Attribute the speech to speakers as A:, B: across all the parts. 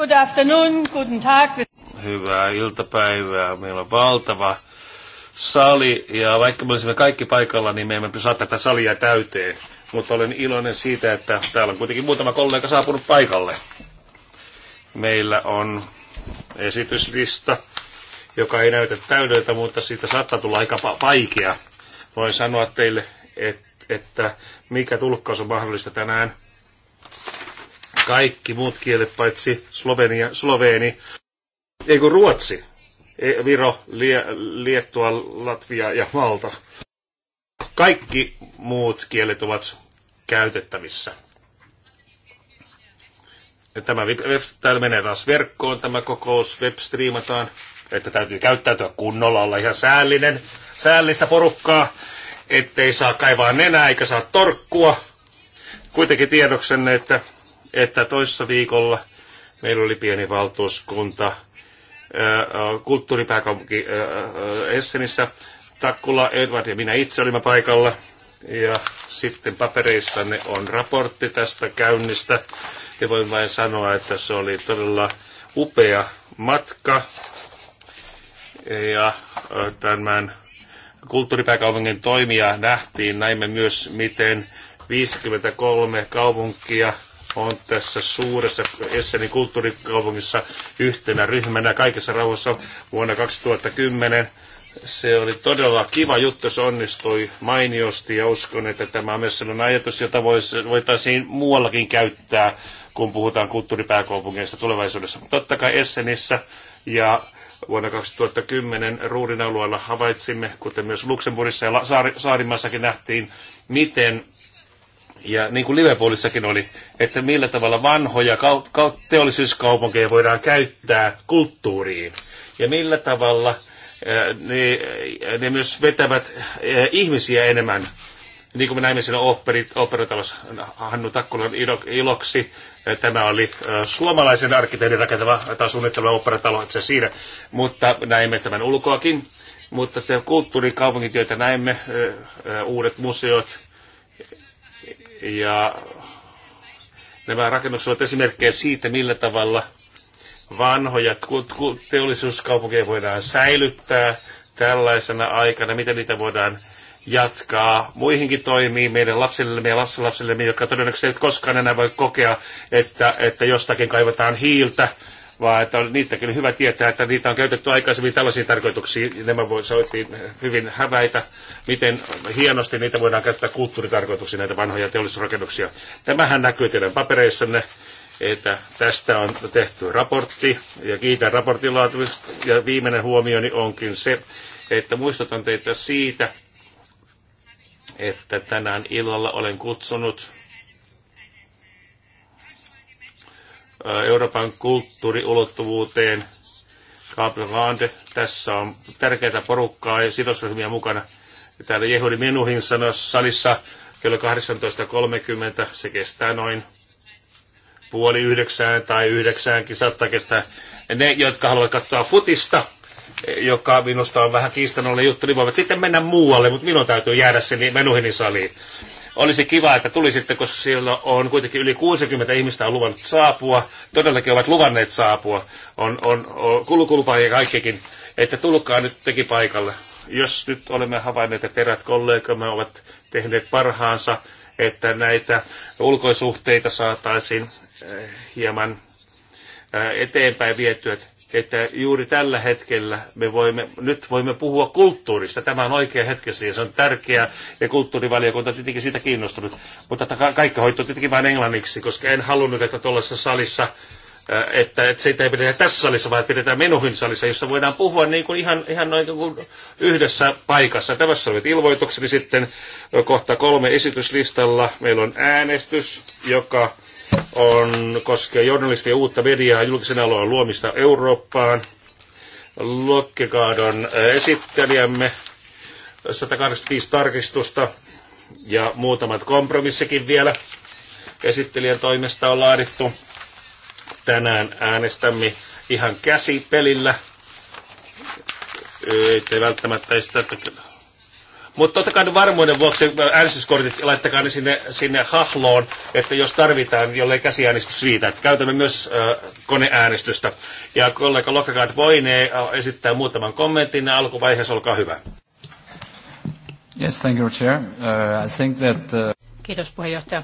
A: Good afternoon, guten tag.
B: Hyvää iltapäivää. Meillä on valtava sali ja vaikka me olisimme kaikki paikalla, niin me emme saa tätä salia täyteen. Mutta olen iloinen siitä, että täällä on kuitenkin muutama kollega saapunut paikalle. Meillä on esityslista, joka ei näytä täydeltä, mutta siitä saattaa tulla aika vaikea. Voin sanoa teille, et, että mikä tulkkaus on mahdollista tänään kaikki muut kielet paitsi Slovenia, Sloveeni, ei kun Ruotsi, e, Viro, Lie, Liettua, Latvia ja Malta. Kaikki muut kielet ovat käytettävissä. Ja tämä web, täällä menee taas verkkoon tämä kokous, striimataan, että täytyy käyttäytyä kunnolla, olla ihan säällinen, säällistä porukkaa, ettei saa kaivaa nenää eikä saa torkkua. Kuitenkin tiedoksenne, että että toissa viikolla meillä oli pieni valtuuskunta kulttuuripääkaupunki Essenissä. Takkula, Edward ja minä itse olimme paikalla. Ja sitten papereissanne on raportti tästä käynnistä. Ja voin vain sanoa, että se oli todella upea matka. Ja tämän kulttuuripääkaupungin toimia nähtiin. Näimme myös, miten 53 kaupunkia – on tässä suuressa Essenin kulttuurikaupungissa yhtenä ryhmänä kaikessa rauhassa vuonna 2010. Se oli todella kiva juttu, se onnistui mainiosti ja uskon, että tämä on myös sellainen ajatus, jota voitaisiin muuallakin käyttää, kun puhutaan kulttuuripääkaupungeista tulevaisuudessa. Totta kai Essenissä ja vuonna 2010 Ruudin alueella havaitsimme, kuten myös Luxemburgissa ja Saarimassakin nähtiin, miten ja niin kuin Liverpoolissakin oli, että millä tavalla vanhoja teollisuuskaupunkeja voidaan käyttää kulttuuriin ja millä tavalla eh, ne, ne myös vetävät eh, ihmisiä enemmän. Niin kuin me näimme siinä operatalossa Hannu Takkulan iloksi, eh, tämä oli suomalaisen arkkitehdin rakentava tai suunnittelema operatalo se siinä, mutta näimme tämän ulkoakin. Mutta kulttuurikaupungit, joita näimme, uudet museot, ja nämä rakennukset ovat esimerkkejä siitä, millä tavalla vanhoja teollisuuskaupunkeja voidaan säilyttää tällaisena aikana, miten niitä voidaan jatkaa muihinkin toimiin meidän lapsillemme ja lapsenlapsillemme, jotka todennäköisesti eivät koskaan enää voi kokea, että, että jostakin kaivataan hiiltä vaan että on, niitäkin on hyvä tietää, että niitä on käytetty aikaisemmin tällaisiin tarkoituksiin. Nämä voi, soittiin hyvin häväitä, miten hienosti niitä voidaan käyttää kulttuuritarkoituksiin, näitä vanhoja teollisuusrakennuksia. Tämähän näkyy teidän papereissanne, että tästä on tehty raportti, ja kiitän raportin laatimista. Ja viimeinen huomioni onkin se, että muistutan teitä siitä, että tänään illalla olen kutsunut Euroopan kulttuuriulottuvuuteen. Kaapelande, tässä on tärkeää porukkaa ja sidosryhmiä mukana. Täällä Jehudi Menuhin sanoi salissa kello 18.30, se kestää noin puoli yhdeksään tai yhdeksäänkin, saattaa kestää. Ne, jotka haluavat katsoa futista, joka minusta on vähän kiistanollinen juttu, niin voivat sitten mennä muualle, mutta minun täytyy jäädä sen Menuhinin saliin. Olisi kiva, että tulisitte, koska siellä on kuitenkin yli 60 ihmistä on luvannut saapua. Todellakin ovat luvanneet saapua. On, on, on kulukulupa ja kaikkikin. Että tulkaa nyt teki paikalle. Jos nyt olemme havainneet, että erät kollegamme ovat tehneet parhaansa, että näitä ulkoisuhteita saataisiin eh, hieman eh, eteenpäin vietyä että juuri tällä hetkellä me voimme, nyt voimme puhua kulttuurista. Tämä on oikea hetkessä ja se on tärkeää ja kulttuurivaliokunta on tietenkin siitä kiinnostunut. Mutta kaikki hoituu tietenkin vain englanniksi, koska en halunnut, että tuollaisessa salissa äh, että, että siitä ei pidetä tässä salissa, vaan pidetään minuhin salissa, jossa voidaan puhua niin kuin ihan, ihan noin niin kuin yhdessä paikassa. Tämässä olivat ilmoitukseni sitten kohta kolme esityslistalla. Meillä on äänestys, joka on, koskee journalistien uutta mediaa julkisen alueen luomista Eurooppaan. Lokkikaadon eh, esittelijämme 185 tarkistusta ja muutamat kompromissikin vielä esittelijän toimesta on laadittu. Tänään äänestämme ihan käsipelillä. Ei välttämättä sitä, että mutta totta kai varmuuden vuoksi äh, äänestyskortit laittakaa ne sinne, sinne hahloon, että jos tarvitaan, niin jollei käsiäänestys riitä. Että käytämme myös äh, koneäänestystä. Ja kollega voi voinee äh, esittää muutaman kommentin ja alkuvaiheessa, olkaa hyvä.
A: Yes, thank you, Chair. Uh, I think that, uh...
C: Kiitos puheenjohtaja.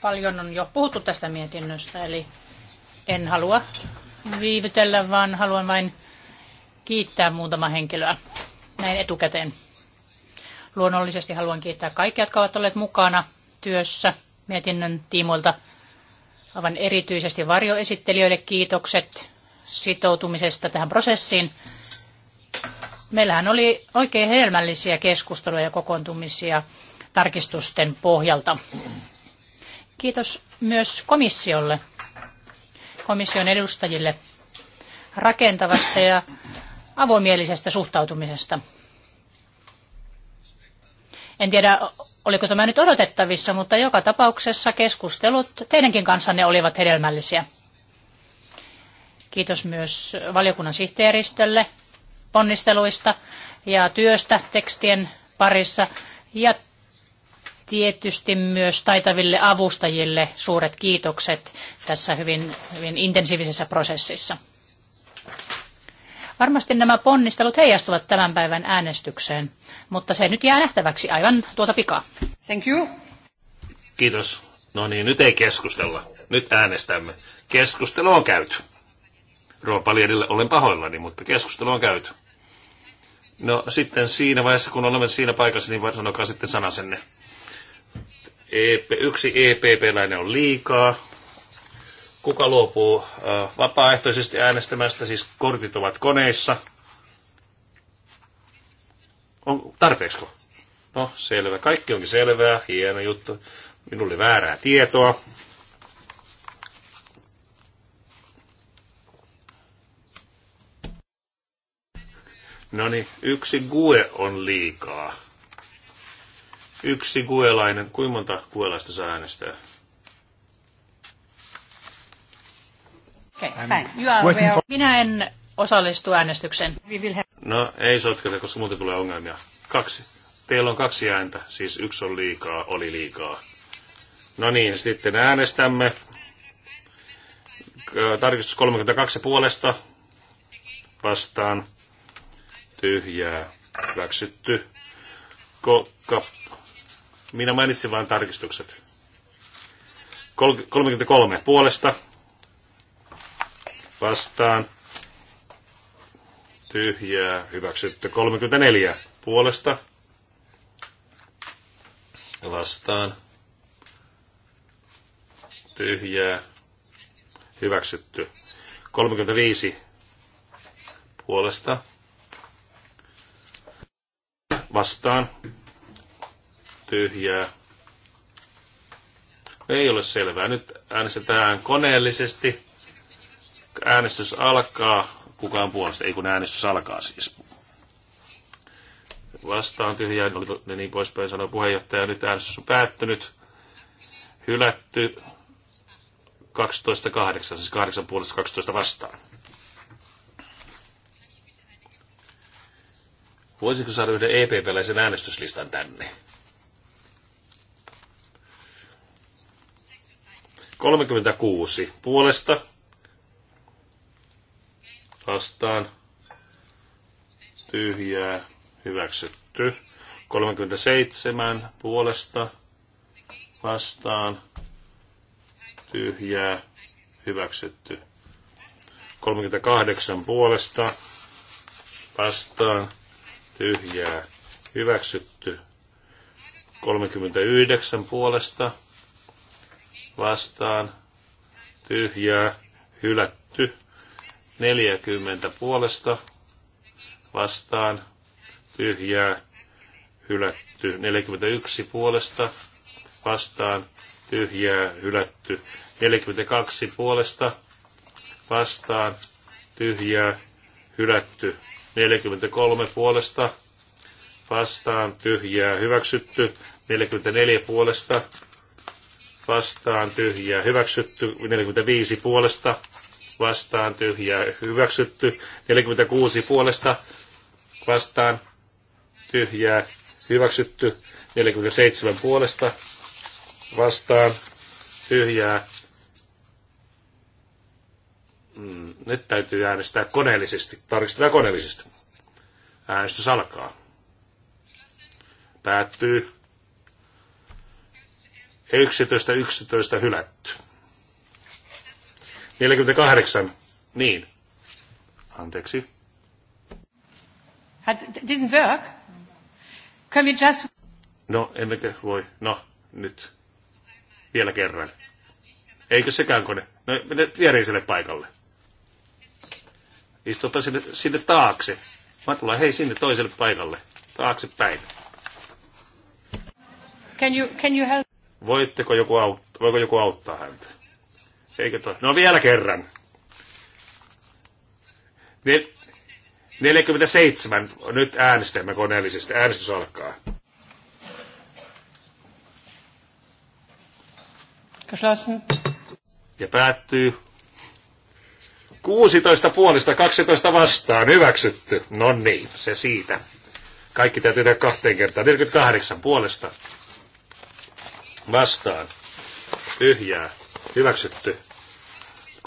C: Paljon on jo puhuttu tästä mietinnöstä, eli en halua viivytellä, vaan haluan vain kiittää muutama henkilöä näin etukäteen. Luonnollisesti haluan kiittää kaikkia, jotka ovat olleet mukana työssä mietinnön tiimoilta. Aivan erityisesti varjoesittelijöille kiitokset sitoutumisesta tähän prosessiin. Meillähän oli oikein hedelmällisiä keskusteluja ja kokoontumisia tarkistusten pohjalta. Kiitos myös komissiolle, komission edustajille rakentavasta ja avoimielisestä suhtautumisesta. En tiedä, oliko tämä nyt odotettavissa, mutta joka tapauksessa keskustelut teidänkin kanssanne olivat hedelmällisiä. Kiitos myös valiokunnan sihteeristölle ponnisteluista ja työstä tekstien parissa ja tietysti myös taitaville avustajille suuret kiitokset tässä hyvin, hyvin intensiivisessä prosessissa. Varmasti nämä ponnistelut heijastuvat tämän päivän äänestykseen, mutta se nyt jää nähtäväksi aivan tuota pikaa. Thank
A: you.
B: Kiitos. No niin, nyt ei keskustella. Nyt äänestämme. Keskustelu on käyty. Ruopaliedille olen pahoillani, mutta keskustelu on käyty. No sitten siinä vaiheessa, kun olemme siinä paikassa, niin sanokaa sitten sanasenne. EP, yksi EPP-läinen on liikaa kuka luopuu äh, vapaaehtoisesti äänestämästä, siis kortit ovat koneissa. On, tarpeeksi? No, selvä. Kaikki onkin selvää. Hieno juttu. Minulle väärää tietoa. No niin, yksi gue on liikaa. Yksi guelainen. Kuinka monta guelaista saa äänestää?
C: Okay, for... Minä en osallistu äänestykseen.
B: No ei sotketa, koska muuten tulee ongelmia. Kaksi. Teillä on kaksi ääntä, siis yksi on liikaa, oli liikaa. No niin, sitten äänestämme. Tarkistus 32 puolesta. Vastaan. Tyhjää. Hyväksytty. Kokka. Minä mainitsin vain tarkistukset. 33 puolesta vastaan tyhjää hyväksytty 34 puolesta vastaan tyhjää hyväksytty 35 puolesta vastaan tyhjää ei ole selvää. Nyt äänestetään koneellisesti äänestys alkaa. Kukaan puolesta, ei kun äänestys alkaa siis. Vastaan tyhjä, oli ne niin poispäin, sanoi puheenjohtaja. Nyt äänestys on päättynyt. Hylätty 12.8, siis 8 puolesta 12 vastaan. Voisiko saada yhden EPP-läisen äänestyslistan tänne? 36 puolesta, vastaan, tyhjää, hyväksytty. 37 puolesta vastaan, tyhjää, hyväksytty. 38 puolesta vastaan, tyhjää, hyväksytty. 39 puolesta vastaan, tyhjää, hylätty. 40 puolesta vastaan tyhjää hylätty. 41 puolesta vastaan tyhjää hylätty. 42 puolesta vastaan tyhjää hylätty. 43 puolesta vastaan tyhjää hyväksytty. 44 puolesta vastaan tyhjää hyväksytty. 45 puolesta vastaan tyhjää hyväksytty. 46 puolesta vastaan tyhjää hyväksytty. 47 puolesta vastaan tyhjää. Mm, nyt täytyy äänestää koneellisesti. Tarkistetaan koneellisesti. Äänestys alkaa. Päättyy. 11.11 11 hylätty. 48. Niin. Anteeksi.
C: Had, didn't work? Can we just...
B: No, emmekö voi. No, nyt. Vielä kerran. Eikö sekään kone? No, mene viereiselle paikalle. Istupa sinne, sinne taakse. Mä tullaan hei sinne toiselle paikalle. Taaksepäin.
C: Can you, can you help?
B: Voitteko joku auttaa, voiko joku auttaa häntä? Eikö toi? No vielä kerran. Nel- 47. Nyt äänestämme koneellisesti. Äänestys alkaa. Geschlossen. Ja päättyy. 16 puolista 12 vastaan. Hyväksytty. No niin, se siitä. Kaikki täytyy tehdä kahteen kertaan. 48 puolesta vastaan. Tyhjää. Hyväksytty.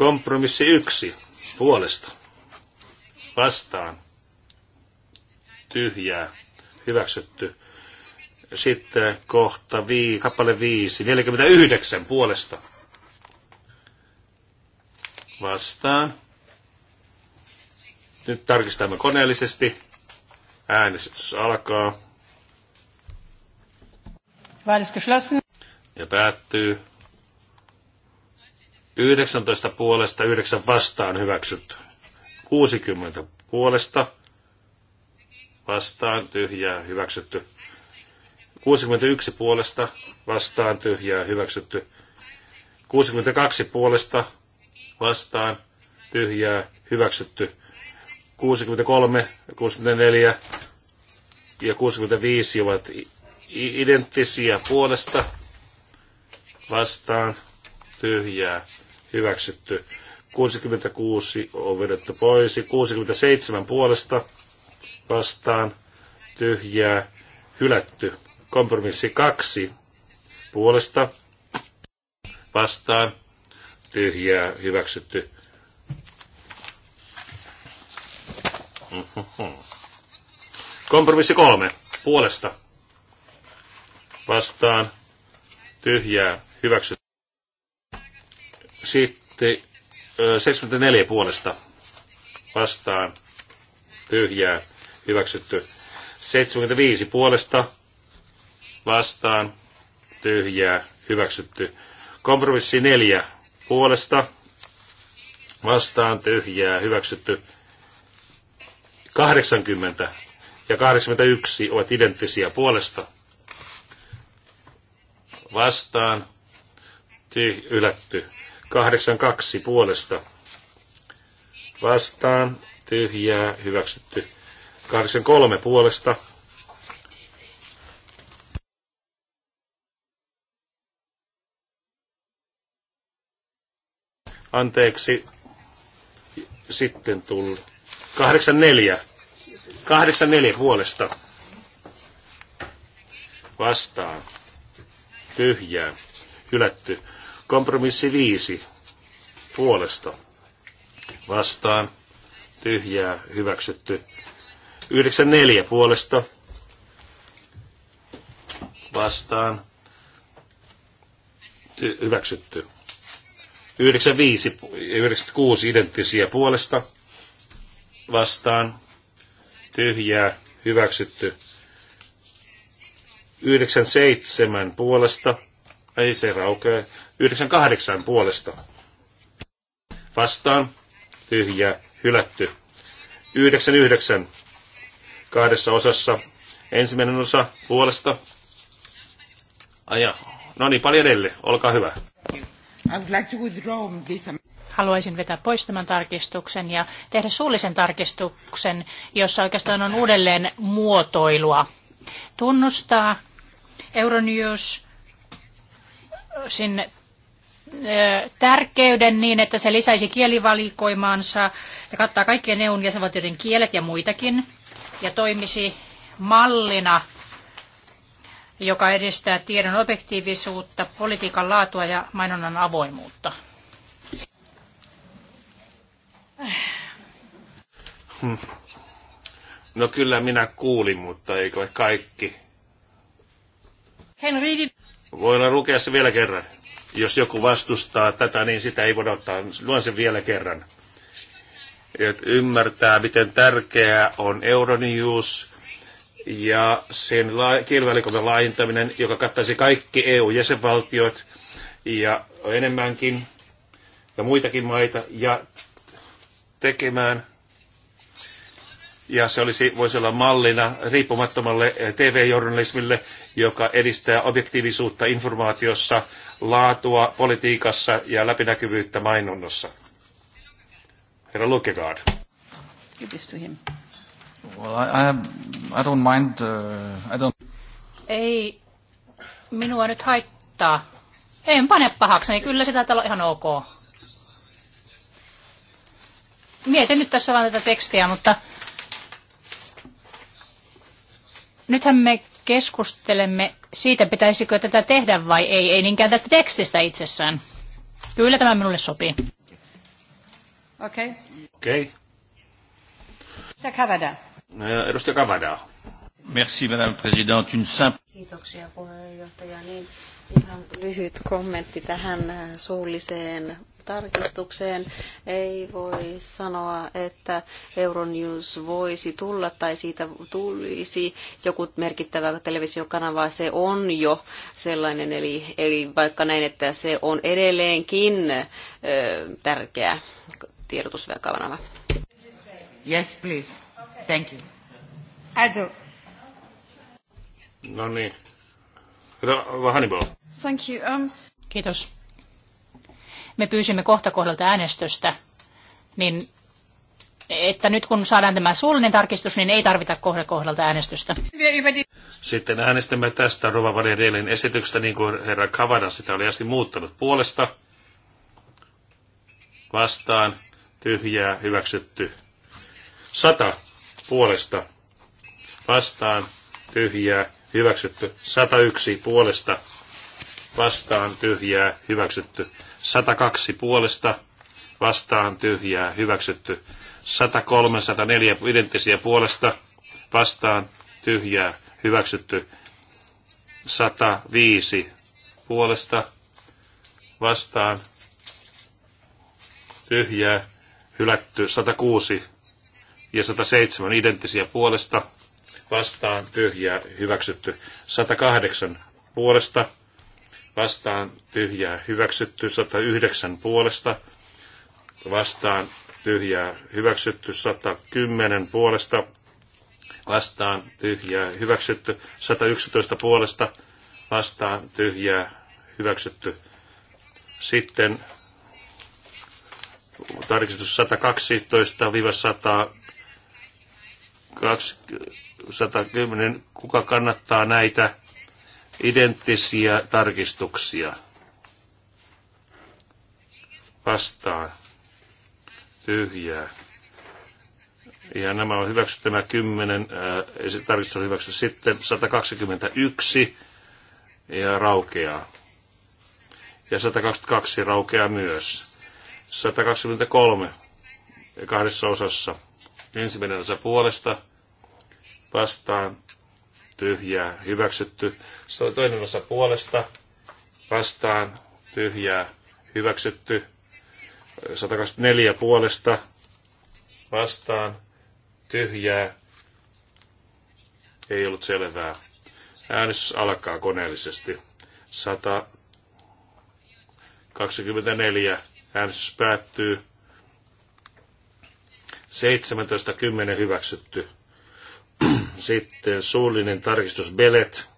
B: Kompromissi yksi puolesta. Vastaan. Tyhjää. Hyväksytty. Sitten kohta vii, kappale 5, 49 puolesta. Vastaan. Nyt tarkistamme koneellisesti. Äänestys alkaa. Ja päättyy. 19 puolesta, 9 vastaan hyväksytty. 60 puolesta, vastaan tyhjää hyväksytty. 61 puolesta, vastaan tyhjää hyväksytty. 62 puolesta, vastaan tyhjää hyväksytty. 63, 64 ja 65 ovat identtisiä puolesta, vastaan tyhjää hyväksytty. 66 on vedetty pois. 67 puolesta vastaan tyhjää hylätty. Kompromissi 2 puolesta vastaan tyhjää hyväksytty. Mhm. Kompromissi kolme. Puolesta. Vastaan. Tyhjää. Hyväksytty. Sitten 74 puolesta vastaan tyhjää hyväksytty. 75 puolesta vastaan tyhjää hyväksytty. Kompromissi 4 puolesta vastaan tyhjää hyväksytty. 80 ja 81 ovat identtisiä puolesta vastaan tyh- ylätty 82 puolesta vastaan, tyhjää, hyväksytty. 83 puolesta anteeksi, sitten tullut. 84. 84 puolesta vastaan. Tyhjää. Hylätty. Kompromissi viisi puolesta vastaan tyhjää hyväksytty. 94 puolesta vastaan Ty- hyväksytty. 95 ja 96 identtisiä puolesta vastaan tyhjää hyväksytty. 97 puolesta, ei se raukea, 98 puolesta. Vastaan. Tyhjä. Hylätty. 99. Kahdessa osassa. Ensimmäinen osa puolesta. Aja. No niin, paljon edelle. Olkaa hyvä.
C: Haluaisin vetää pois tämän tarkistuksen ja tehdä suullisen tarkistuksen, jossa oikeastaan on uudelleen muotoilua. Tunnustaa Euronews sinne tärkeyden niin, että se lisäisi kielivalikoimaansa ja kattaa kaikkien EUn jäsenvaltioiden kielet ja muitakin ja toimisi mallina, joka edistää tiedon objektiivisuutta, politiikan laatua ja mainonnan avoimuutta.
A: Hmm. No kyllä
B: minä kuulin, mutta eikö kaikki? Henri. Voidaan lukea se vielä kerran. Jos joku vastustaa tätä, niin sitä ei voida ottaa. Luen sen vielä kerran. Et ymmärtää, miten tärkeää on euronius ja sen la- kielivälikomman laajentaminen, joka kattaisi kaikki EU-jäsenvaltiot ja enemmänkin ja muitakin maita ja tekemään ja se olisi, voisi olla mallina riippumattomalle TV-journalismille, joka edistää objektiivisuutta informaatiossa, laatua politiikassa ja läpinäkyvyyttä mainonnassa. Herra Lukegaard.
A: Well, I, I don't mind, uh, I don't...
C: Ei minua nyt haittaa. En pane niin kyllä sitä täällä on ihan ok. Mietin nyt tässä vaan tätä tekstiä, mutta nythän me keskustelemme siitä, pitäisikö tätä tehdä vai ei, ei niinkään tästä tekstistä itsessään. Kyllä tämä minulle sopii. Okei. Okay. Okei. Okay. Edustaja Kavada.
B: No edustaja Kavada. Merci, Madame President. Une simple...
C: Kiitoksia puheenjohtaja.
D: Niin, ihan lyhyt kommentti tähän äh, suulliseen tarkistukseen ei voi sanoa, että Euronews voisi tulla tai siitä tulisi joku merkittävä televisiokanava. Se on jo sellainen, eli, eli vaikka näin, että se on edelleenkin ö, tärkeä tiedotuskanava.
C: Yes, please. Thank you. Also.
B: No niin. Hannibal.
D: Thank you. Um...
C: Kiitos me pyysimme kohta kohdalta äänestystä, niin että nyt kun saadaan tämä suullinen tarkistus, niin ei tarvita kohde kohdalta äänestystä.
B: Sitten äänestämme tästä Rovavalia Deelin esityksestä, niin kuin herra Kavada sitä oli äsken muuttanut puolesta. Vastaan, tyhjää, hyväksytty. Sata puolesta. Vastaan, tyhjää, hyväksytty. 101 puolesta. Vastaan, tyhjää, hyväksytty. 102 puolesta vastaan tyhjää hyväksytty. 103, 104 identtisiä puolesta vastaan tyhjää hyväksytty. 105 puolesta vastaan tyhjää hylätty. 106 ja 107 identtisiä puolesta vastaan tyhjää hyväksytty. 108 puolesta vastaan tyhjää hyväksytty, 109 puolesta vastaan tyhjää hyväksytty, 110 puolesta vastaan tyhjää hyväksytty, 111 puolesta vastaan tyhjää hyväksytty. Sitten tarkistus 112-100 110, kuka kannattaa näitä Identtisiä tarkistuksia. Vastaan. Tyhjää. Ja nämä on hyväksytty, tämä 10 äh, tarkistus on hyväksytty sitten 121 ja raukeaa. Ja 122 raukeaa myös. 123 kahdessa osassa. Ensimmäinen osa puolesta vastaan tyhjää, hyväksytty. Toinen osa puolesta, vastaan, tyhjää, hyväksytty. 124 puolesta, vastaan, tyhjää, ei ollut selvää. Äänestys alkaa koneellisesti. 124. Äänestys päättyy. 17.10 hyväksytty. Sitten suullinen tarkistus Belet,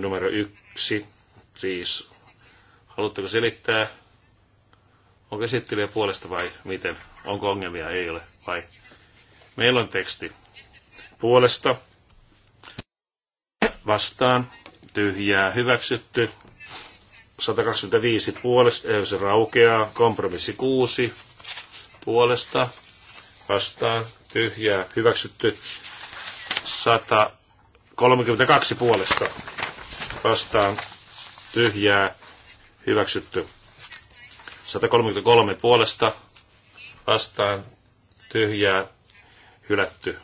B: numero yksi. Siis, haluatteko selittää? Onko esittelijä puolesta vai miten? Onko ongelmia? Ei ole. Vai? Meillä on teksti. Puolesta. Vastaan. Tyhjää. Hyväksytty. 125 puolesta. Eh, se raukeaa. Kompromissi 6. Puolesta. Vastaan. Tyhjää. Hyväksytty. 132 puolesta vastaan tyhjää hyväksytty. 133 puolesta vastaan tyhjää hylätty.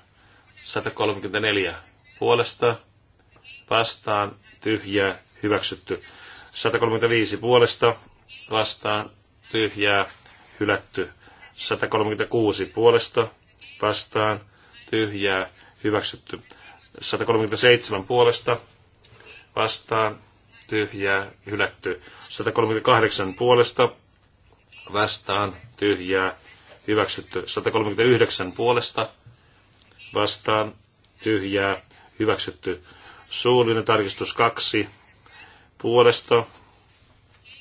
B: 134 puolesta vastaan tyhjää hyväksytty. 135 puolesta vastaan tyhjää hylätty. 136 puolesta vastaan tyhjää hyväksytty. 137 puolesta vastaan tyhjää hylätty. 138 puolesta vastaan tyhjää hyväksytty. 139 puolesta vastaan tyhjää hyväksytty. Suullinen tarkistus 2 puolesta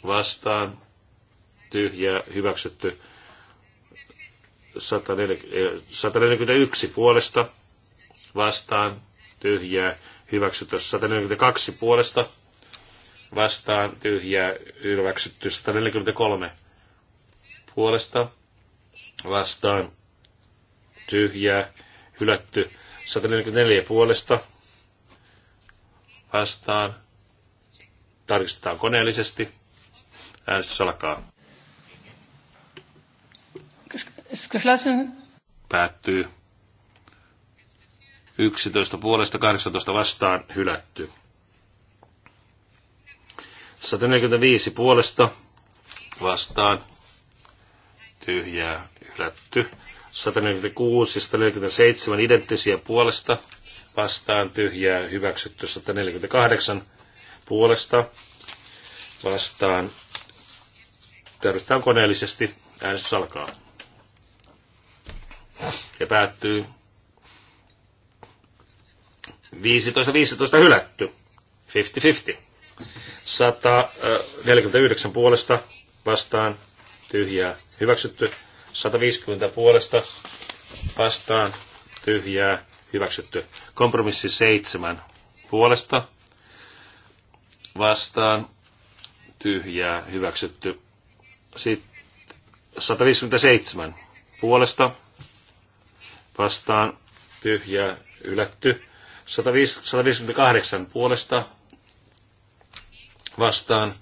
B: vastaan tyhjää hyväksytty. 141 eh, puolesta vastaan, tyhjää, hyväksytty 142 puolesta, vastaan, tyhjää, hyväksytty 143 puolesta, vastaan, tyhjää, hylätty 144 puolesta, vastaan, tarkistetaan koneellisesti, äänestys alkaa. Päättyy. 11 puolesta 18 vastaan hylätty. 145 puolesta vastaan tyhjää hylätty. 146 147 identtisiä puolesta vastaan tyhjää hyväksytty. 148 puolesta vastaan tarvitaan koneellisesti. Äänestys alkaa ja päättyy 15-15 hylätty. 50-50. 149 puolesta vastaan tyhjää hyväksytty. 150 puolesta vastaan tyhjää hyväksytty. Kompromissi 7 puolesta vastaan tyhjää hyväksytty. Sitten 157 puolesta vastaan tyhjää hylätty. 158 puolesta vastaan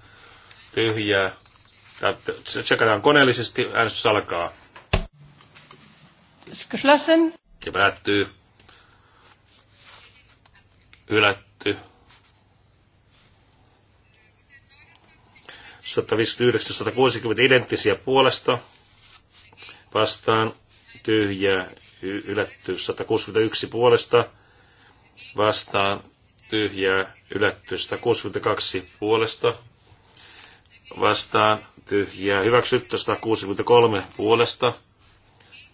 B: tyhjää. Tsekataan koneellisesti, äänestys alkaa.
A: Geschlossen.
B: Ja päättyy. Hylätty. 159-160 identtisiä puolesta vastaan tyhjää hylätty 161 puolesta vastaan tyhjää ylättystä. 62 puolesta vastaan tyhjää hyväksytty. 163 puolesta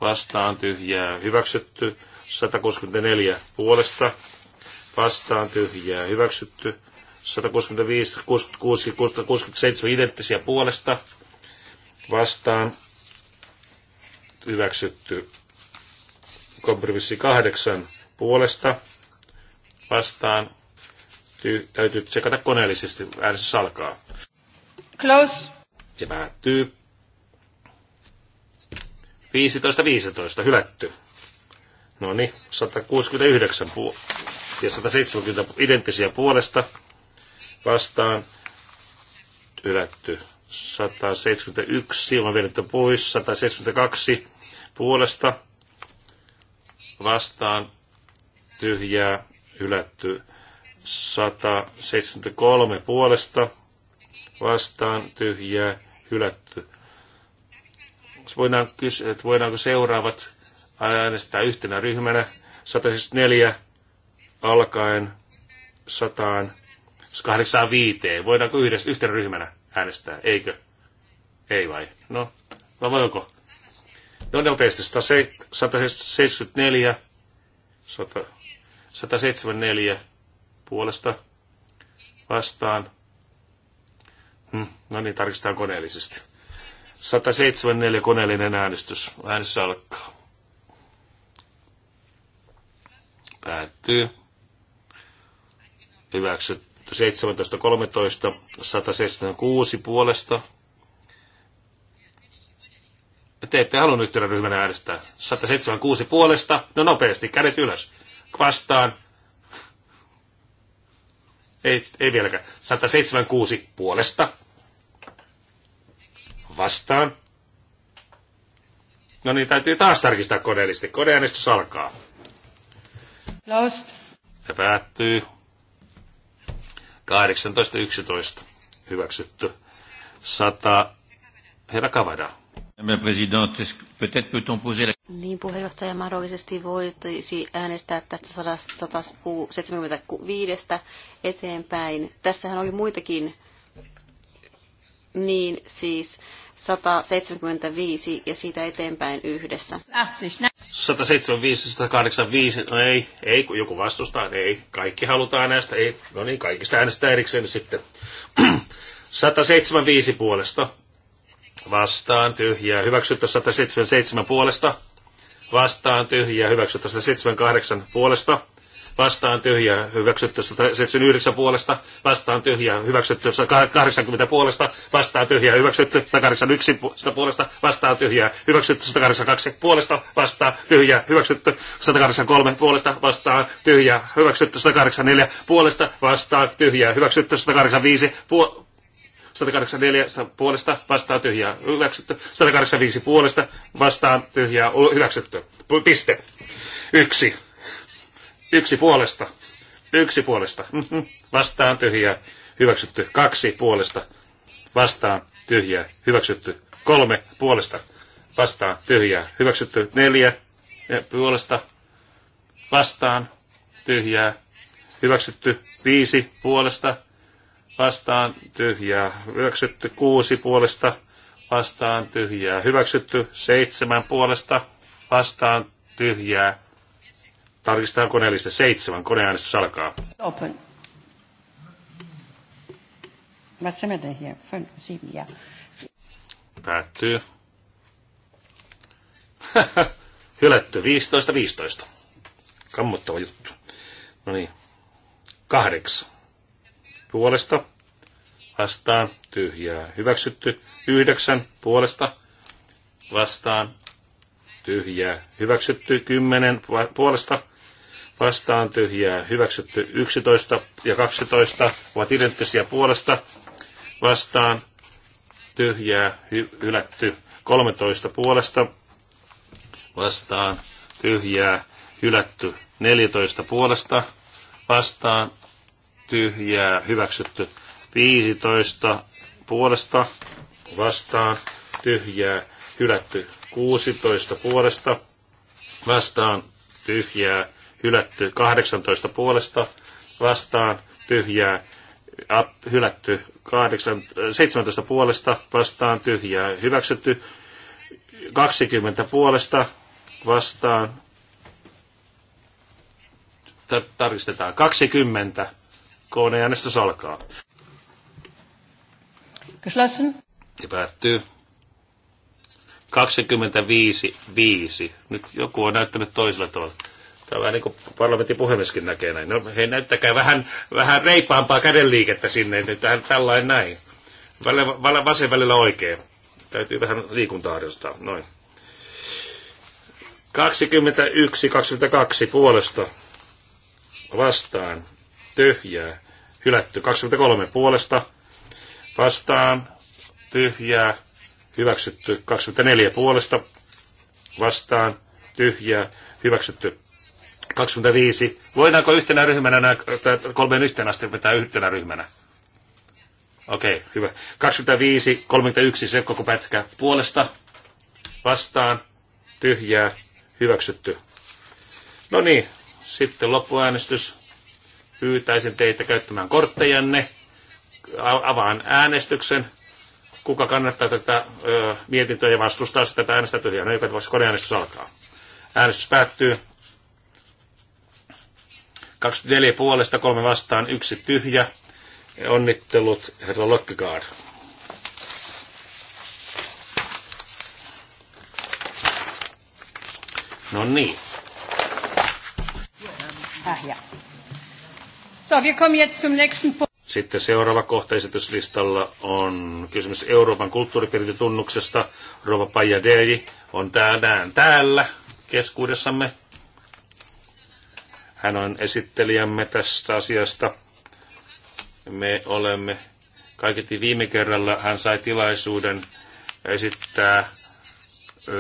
B: vastaan tyhjää hyväksytty. 164 puolesta vastaan tyhjää hyväksytty. 165, 66, 67 identtisiä puolesta vastaan hyväksytty kompromissi 8 puolesta vastaan. Ty- täytyy tsekata koneellisesti. Äänestys alkaa.
A: Close. Ja
B: päättyy. 15-15, hylätty. No niin, 169 pu- ja 170 identtisiä puolesta vastaan hylätty. 171 on vedetty pois, 172 puolesta vastaan tyhjää hylätty 173 puolesta vastaan tyhjää hylätty. Voidaan kysyä, että voidaanko seuraavat äänestää yhtenä ryhmänä 174 alkaen 185. Voidaanko yhdessä, yhtenä ryhmänä äänestää, eikö? Ei vai? No, vai voiko? No nopeasti 174, 100, 174 puolesta vastaan. Hm, no niin, tarkistetaan koneellisesti. 174 koneellinen äänestys. Äänestys alkaa. Päättyy. Hyväksytty. 17.13, 176 puolesta. Te ette halunnut yhtenä ryhmänä äänestää. 176 puolesta. No nopeasti, kädet ylös vastaan. Ei, ei vieläkään. 176 puolesta vastaan. No niin, täytyy taas tarkistaa koneellisesti. Koneäänestys alkaa. Lost. Ja päättyy. 18.11. Hyväksytty. 100. Herra Kavada. Eh
D: niin puheenjohtaja mahdollisesti voitaisi äänestää tästä 175 eteenpäin. Tässähän oli muitakin, niin siis 175 ja siitä eteenpäin yhdessä.
B: 175, 185, no ei, ei, kun joku vastustaa, niin ei. Kaikki halutaan äänestää, ei. No niin, kaikista äänestää erikseen sitten. 175 puolesta vastaan tyhjää hyväksytty 177 puolesta, vastaan tyhjää hyväksytty 178 puolesta, vastaan tyhjää hyväksytty 179 puolesta, vastaan tyhjää hyväksytty 180 puolesta, vastaan tyhjää hyväksytty 181 puolesta, vastaan tyhjää hyväksytty 182 puolesta, vastaan tyhjää hyväksytty 183 puolesta, vastaan tyhjää hyväksytty 184 puolesta, vastaan tyhjää hyväksytty 185 puolesta, 184 puolesta vastaan tyhjää hyväksytty. 185 puolesta vastaan tyhjää hyväksytty. Piste. Yksi. Yksi puolesta. Yksi puolesta. Mhm. Vastaan tyhjää hyväksytty. Kaksi puolesta. Vastaan tyhjää hyväksytty. Kolme puolesta. Vastaan tyhjää hyväksytty. Neljä eh, puolesta. Vastaan tyhjää hyväksytty. Viisi puolesta vastaan tyhjää hyväksytty, kuusi puolesta vastaan tyhjää hyväksytty, seitsemän puolesta vastaan tyhjää. Tarkistetaan koneellista seitsemän, koneäänestys alkaa. Open. Päättyy. Hylätty 15-15. Kammottava juttu. No niin. Kahdeksan puolesta, vastaan, tyhjää, hyväksytty. Yhdeksän puolesta, vastaan, tyhjää, hyväksytty. Kymmenen puolesta, vastaan, tyhjää, hyväksytty. Yksitoista ja kaksitoista ovat identtisiä puolesta, vastaan, tyhjää, hy- hylätty. kolmetoista puolesta vastaan, tyhjää, hylätty neljätoista puolesta vastaan, tyhjää hyväksytty. 15 puolesta vastaan tyhjää hylätty. 16 puolesta vastaan tyhjää hylätty. 18 puolesta vastaan tyhjää hylätty. 17 puolesta vastaan tyhjää hyväksytty. 20 puolesta vastaan tarkistetaan 20 äänestys alkaa. Geschlossen. Ja päättyy. 25-5. Nyt joku on näyttänyt toisella tavalla. Tämä on vähän niin kuin parlamentin puhemieskin näkee näin. No hei, näyttäkää vähän, vähän reipaampaa kädenliikettä sinne, nyt tähän tällainen näin. Välillä, vasen välillä oikein. Täytyy vähän liikuntaa harjoittaa, noin. 21-22 puolesta vastaan tyhjää, hylätty. 23 puolesta vastaan, tyhjää, hyväksytty. 24 puolesta vastaan, tyhjää, hyväksytty. 25. Voidaanko yhtenä ryhmänä nämä kolmeen yhteen asti vetää yhtenä ryhmänä? Okei, okay, hyvä. 25, 31, se koko pätkä puolesta, vastaan, tyhjää, hyväksytty. No niin, sitten loppuäänestys pyytäisin teitä käyttämään korttejanne. Avaan äänestyksen. Kuka kannattaa tätä ö, mietintöä ja vastustaa sitä, tätä äänestää tyhjää. No joka tapauksessa koneäänestys alkaa. Äänestys päättyy. 24 puolesta, kolme vastaan, yksi tyhjä. Onnittelut, herra Lokkegaard. No niin. Ah, ja. Sitten seuraava kohta esityslistalla on kysymys Euroopan kulttuuriperintötunnuksesta. Rova Deji on tänään täällä keskuudessamme. Hän on esittelijämme tästä asiasta. Me olemme kaiketi viime kerralla hän sai tilaisuuden esittää ö,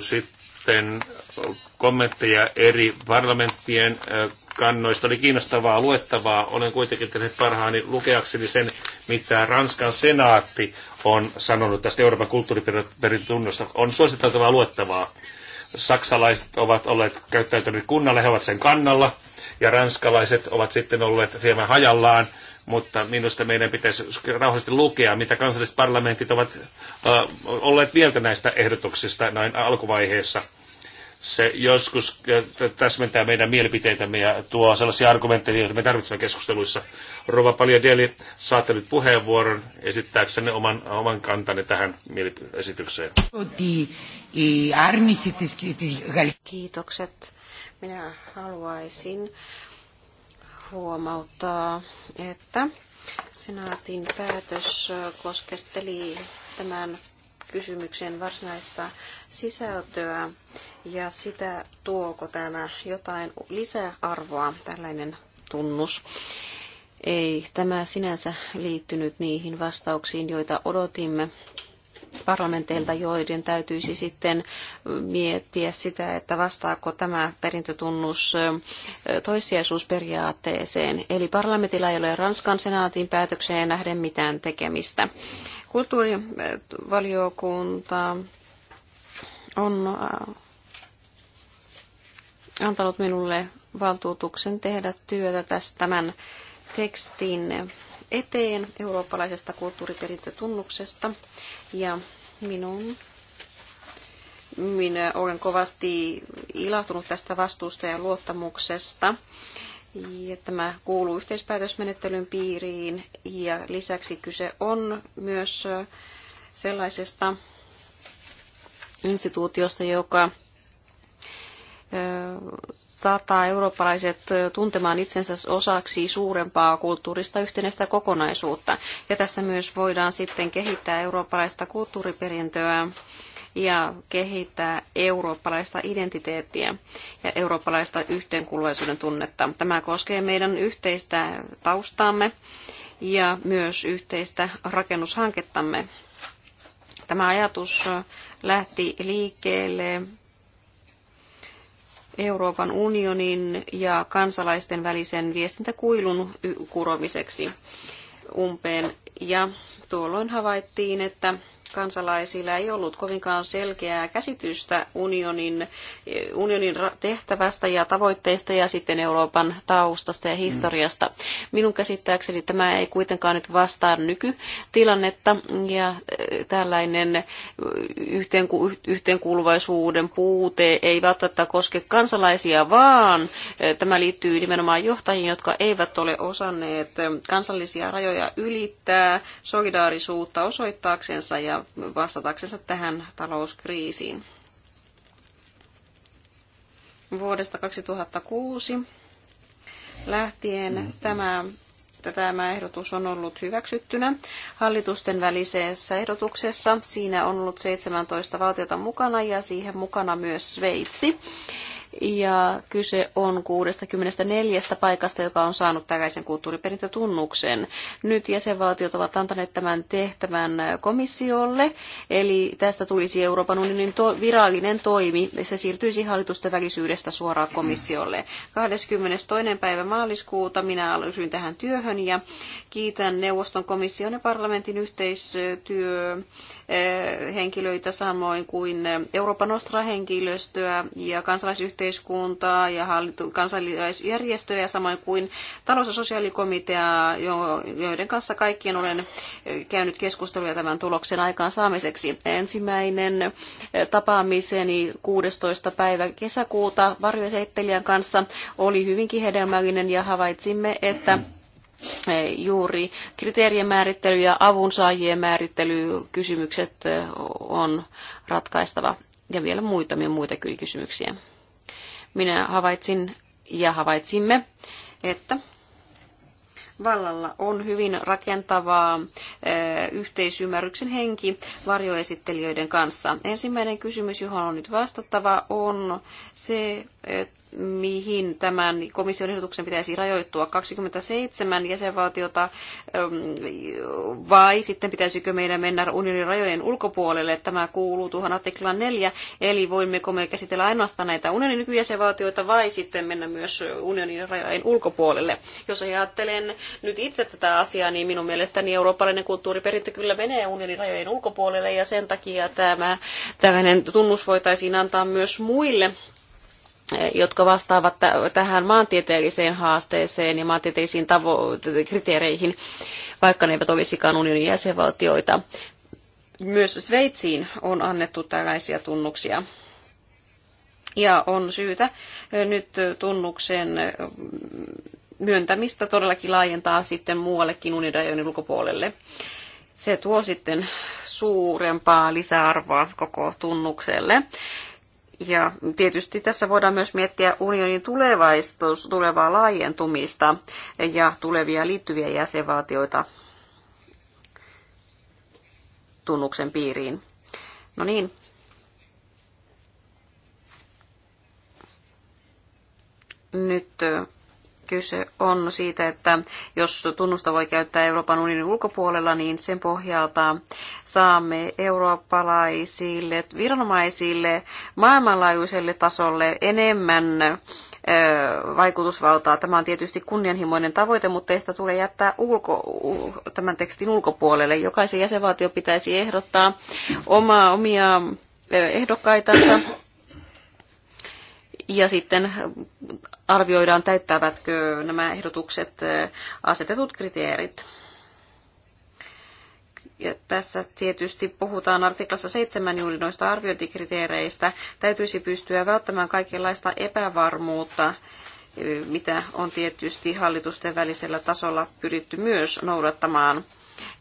B: sitten kommentteja eri parlamenttien kannoista oli kiinnostavaa luettavaa. Olen kuitenkin tehnyt parhaani lukeakseni sen, mitä Ranskan senaatti on sanonut tästä Euroopan kulttuuriperintötunnosta. On suositeltavaa luettavaa. Saksalaiset ovat olleet käyttäytyneet kunnalle, he ovat sen kannalla, ja ranskalaiset ovat sitten olleet hieman hajallaan, mutta minusta meidän pitäisi rauhallisesti lukea, mitä kansalliset parlamentit ovat äh, olleet mieltä näistä ehdotuksista näin alkuvaiheessa se joskus täsmentää meidän mielipiteitämme ja tuo sellaisia argumentteja, joita me tarvitsemme keskusteluissa. Rova Paljadeli, saatte nyt puheenvuoron esittääksenne oman, oman kantanne tähän esitykseen.
D: Kiitokset. Minä haluaisin huomauttaa, että senaatin päätös koskesteli tämän kysymyksen varsinaista sisältöä ja sitä, tuoko tämä jotain lisäarvoa, tällainen tunnus. Ei tämä sinänsä liittynyt niihin vastauksiin, joita odotimme parlamenteilta, joiden täytyisi sitten miettiä sitä, että vastaako tämä perintötunnus toissijaisuusperiaatteeseen. Eli parlamentilla ei ole Ranskan senaatin päätökseen nähden mitään tekemistä. Kulttuurivaliokunta eh, on äh, antanut minulle valtuutuksen tehdä työtä tästä tämän tekstin eteen eurooppalaisesta kulttuuriperintötunnuksesta. Ja minun, minä olen kovasti ilahtunut tästä vastuusta ja luottamuksesta ja tämä kuuluu yhteispäätösmenettelyn piiriin ja lisäksi kyse on myös sellaisesta instituutiosta, joka saattaa eurooppalaiset tuntemaan itsensä osaksi suurempaa kulttuurista yhtenäistä kokonaisuutta. Ja tässä myös voidaan sitten kehittää eurooppalaista kulttuuriperintöä ja kehittää eurooppalaista identiteettiä ja eurooppalaista yhteenkuuluvaisuuden tunnetta. Tämä koskee meidän yhteistä taustaamme ja myös yhteistä rakennushankettamme. Tämä ajatus lähti liikkeelle Euroopan unionin ja kansalaisten välisen viestintäkuilun kuromiseksi umpeen. Ja tuolloin havaittiin, että kansalaisilla ei ollut kovinkaan selkeää käsitystä unionin, unionin tehtävästä ja tavoitteista ja sitten Euroopan taustasta ja historiasta. Minun käsittääkseni tämä ei kuitenkaan nyt vastaa nykytilannetta ja äh, tällainen äh, yhteenku, yhteenkuuluvaisuuden puute ei välttämättä koske kansalaisia, vaan äh, tämä liittyy nimenomaan johtajiin, jotka eivät ole osanneet kansallisia rajoja ylittää solidaarisuutta osoittaaksensa ja vastataksensa tähän talouskriisiin. Vuodesta 2006 lähtien tämä tämä ehdotus on ollut hyväksyttynä hallitusten välisessä ehdotuksessa. Siinä on ollut 17 valtiota mukana ja siihen mukana myös Sveitsi ja kyse on 64 paikasta, joka on saanut tällaisen kulttuuriperintötunnuksen. Nyt jäsenvaltiot ovat antaneet tämän tehtävän komissiolle, eli tästä tulisi Euroopan unionin to- virallinen toimi. Se siirtyisi hallitusten välisyydestä suoraan komissiolle. 22. päivä maaliskuuta minä ryhdyin tähän työhön ja kiitän neuvoston komission ja parlamentin yhteistyö Eh, henkilöitä samoin kuin Euroopan Nostra-henkilöstöä ja kansalaisyhteiskuntaa ja hallitu- kansalaisjärjestöjä samoin kuin talous- ja sosiaalikomitea, joiden kanssa kaikkien olen eh, käynyt keskusteluja tämän tuloksen aikaansaamiseksi. Ensimmäinen eh, tapaamiseni 16. päivä kesäkuuta varjoesittelijän kanssa oli hyvinkin hedelmällinen ja havaitsimme, että Eh, juuri kriteerien määrittely ja avunsaajien määrittelykysymykset eh, on ratkaistava ja vielä muutamia muita kysymyksiä. Minä havaitsin ja havaitsimme, että vallalla on hyvin rakentavaa eh, yhteisymmärryksen henki varjoesittelijöiden kanssa. Ensimmäinen kysymys, johon on nyt vastattava, on se, että mihin tämän komission ehdotuksen pitäisi rajoittua, 27 jäsenvaltiota ähm, vai sitten pitäisikö meidän mennä unionin rajojen ulkopuolelle. Tämä kuuluu tuohon artiklaan 4, eli voimmeko me käsitellä ainoastaan näitä unionin nykyjäsenvaltioita vai sitten mennä myös unionin rajojen ulkopuolelle. Jos ajattelen nyt itse tätä asiaa, niin minun mielestäni eurooppalainen kulttuuriperintö kyllä menee unionin rajojen ulkopuolelle ja sen takia tämä tällainen tunnus voitaisiin antaa myös muille jotka vastaavat tähän maantieteelliseen haasteeseen ja maantieteellisiin tavo- kriteereihin, vaikka ne eivät olisikaan unionin jäsenvaltioita. Myös Sveitsiin on annettu tällaisia tunnuksia. Ja on syytä nyt tunnuksen myöntämistä todellakin laajentaa sitten muuallekin unionin ulkopuolelle. Se tuo sitten suurempaa lisäarvoa koko tunnukselle. Ja tietysti tässä voidaan myös miettiä unionin tulevaa laajentumista ja tulevia liittyviä jäsenvaltioita tunnuksen piiriin. No niin. Nyt kyse on siitä, että jos tunnusta voi käyttää Euroopan unionin ulkopuolella, niin sen pohjalta saamme eurooppalaisille viranomaisille maailmanlaajuiselle tasolle enemmän vaikutusvaltaa. Tämä on tietysti kunnianhimoinen tavoite, mutta ei sitä tule jättää ulko, tämän tekstin ulkopuolelle. Jokaisen jäsenvaltio pitäisi ehdottaa omaa, omia ehdokkaitansa ja sitten arvioidaan, täyttävätkö nämä ehdotukset asetetut kriteerit. Ja tässä tietysti puhutaan artiklassa 7 juuri noista arviointikriteereistä. Täytyisi pystyä välttämään kaikenlaista epävarmuutta, mitä on tietysti hallitusten välisellä tasolla pyritty myös noudattamaan.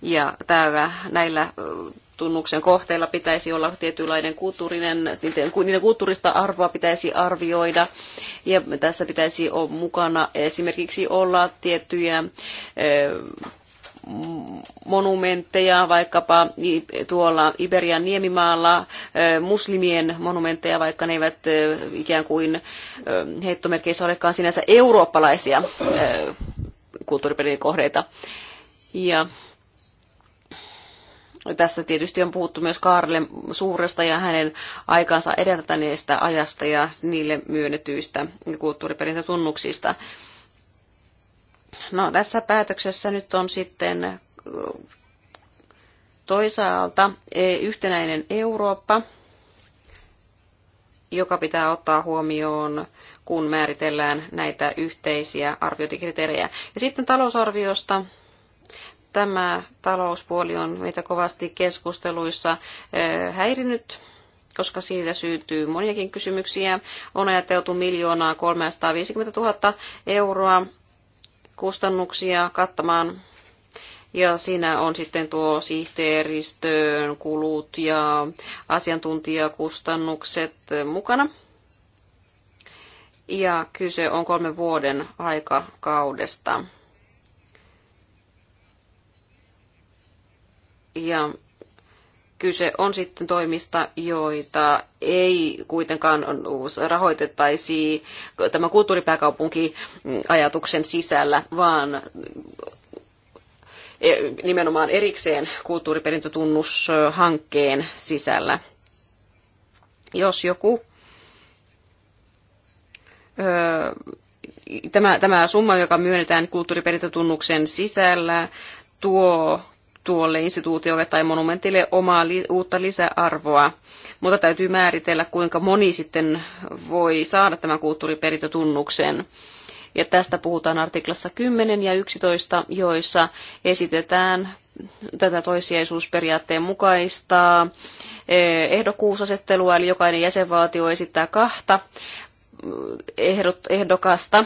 D: Ja täällä, näillä tunnuksen kohteilla pitäisi olla tietynlainen kulttuurinen, niiden kulttuurista arvoa pitäisi arvioida ja tässä pitäisi olla mukana esimerkiksi olla tiettyjä monumentteja, vaikkapa tuolla Iberian niemimaalla muslimien monumentteja, vaikka ne eivät ikään kuin heittomerkeissä olekaan sinänsä eurooppalaisia kulttuuriperinnön kohdeita. Ja tässä tietysti on puhuttu myös Kaarle Suuresta ja hänen aikansa edeltäneestä ajasta ja niille myönnetyistä kulttuuriperintötunnuksista. No, tässä päätöksessä nyt on sitten toisaalta e, yhtenäinen Eurooppa, joka pitää ottaa huomioon, kun määritellään näitä yhteisiä arviointikriteerejä. Ja sitten talousarviosta Tämä talouspuoli on meitä kovasti keskusteluissa eh, häirinyt koska siitä syntyy moniakin kysymyksiä. On ajateltu miljoonaa 350 000 euroa kustannuksia kattamaan. Ja siinä on sitten tuo sihteeristöön kulut ja asiantuntijakustannukset mukana. Ja kyse on kolmen vuoden aikakaudesta. Ja kyse on sitten toimista, joita ei kuitenkaan rahoitettaisi tämän kulttuuripääkaupunkiajatuksen sisällä, vaan e, nimenomaan erikseen kulttuuriperintötunnushankkeen sisällä. Jos joku tämä, tämä summa, joka myönnetään kulttuuriperintötunnuksen sisällä, tuo tuolle instituutiolle tai monumentille omaa li- uutta lisäarvoa, mutta täytyy määritellä, kuinka moni sitten voi saada tämän kulttuuriperintötunnuksen. Ja tästä puhutaan artiklassa 10 ja 11, joissa esitetään tätä toissijaisuusperiaatteen mukaista eh, ehdokkuusasettelua, eli jokainen jäsenvaltio esittää kahta eh, ehdokasta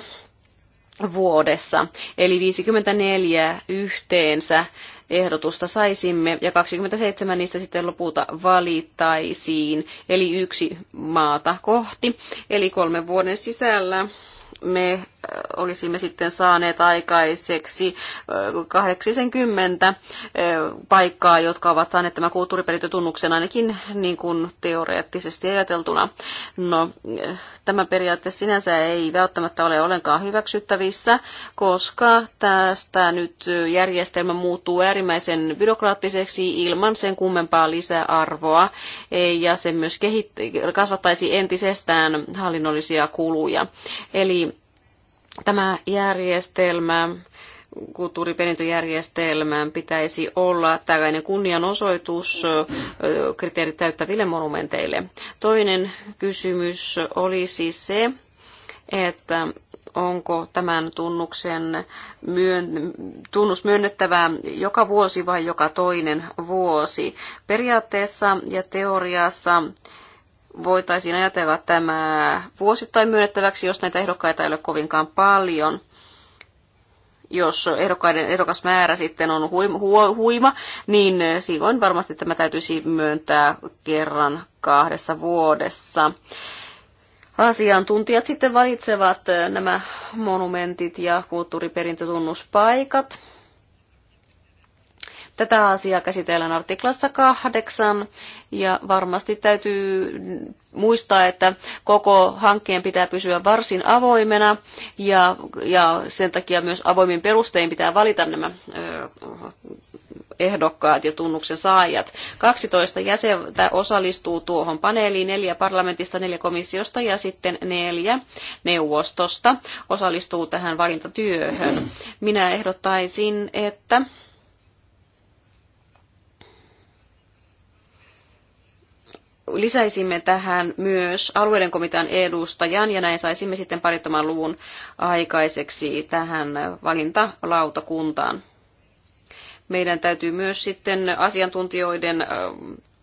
D: vuodessa, eli 54 yhteensä ehdotusta saisimme ja 27 niistä sitten lopulta valittaisiin, eli yksi maata kohti. Eli kolmen vuoden sisällä me olisimme sitten saaneet aikaiseksi 80 paikkaa, jotka ovat saaneet tämän kulttuuriperintötunnuksen ainakin niin kuin teoreettisesti ajateltuna. No, tämä periaate sinänsä ei välttämättä ole ollenkaan hyväksyttävissä, koska tästä nyt järjestelmä muuttuu äärimmäisen byrokraattiseksi ilman sen kummempaa lisäarvoa, ja se myös kehitt- kasvattaisi entisestään hallinnollisia kuluja. Eli Tämä järjestelmä, kulttuuriperintöjärjestelmän pitäisi olla tällainen kunnianosoitus kriteerit täyttäville monumenteille. Toinen kysymys olisi se, että onko tämän tunnuksen myön, tunnus myönnettävää joka vuosi vai joka toinen vuosi. Periaatteessa ja teoriassa voitaisiin ajatella tämä vuosittain myönnettäväksi, jos näitä ehdokkaita ei ole kovinkaan paljon. Jos ehdokkaiden määrä sitten on huima, niin silloin varmasti tämä täytyisi myöntää kerran kahdessa vuodessa. Asiantuntijat sitten valitsevat nämä monumentit ja kulttuuriperintötunnuspaikat. Tätä asiaa käsitellään artiklassa kahdeksan ja varmasti täytyy muistaa, että koko hankkeen pitää pysyä varsin avoimena ja, ja sen takia myös avoimin perustein pitää valita nämä ehdokkaat ja tunnuksen saajat. 12 jäsentä osallistuu tuohon paneeliin, neljä parlamentista, neljä komissiosta ja sitten neljä neuvostosta osallistuu tähän valintatyöhön. Minä ehdottaisin, että lisäisimme tähän myös alueiden komitean edustajan ja näin saisimme sitten parittoman luvun aikaiseksi tähän valintalautakuntaan. Meidän täytyy myös sitten asiantuntijoiden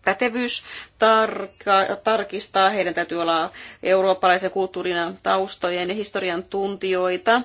D: pätevyys tarka, tarkistaa. Heidän täytyy olla eurooppalaisen kulttuurin taustojen ja historian tuntijoita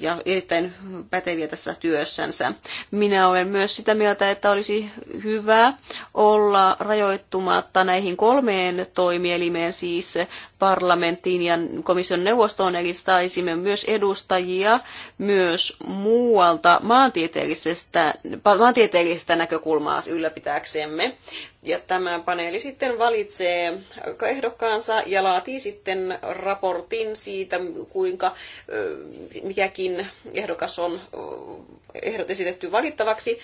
D: ja erittäin päteviä tässä työssänsä. Minä olen myös sitä mieltä, että olisi hyvä olla rajoittumatta näihin kolmeen toimielimeen, siis parlamenttiin ja komission neuvostoon, eli saisimme myös edustajia myös muualta maantieteellisestä, maantieteellisestä näkökulmaa ylläpitääksemme. Ja tämä paneeli sitten valitsee ehdokkaansa ja laatii sitten raportin siitä, kuinka mikäkin ehdokas on ehdot esitetty valittavaksi,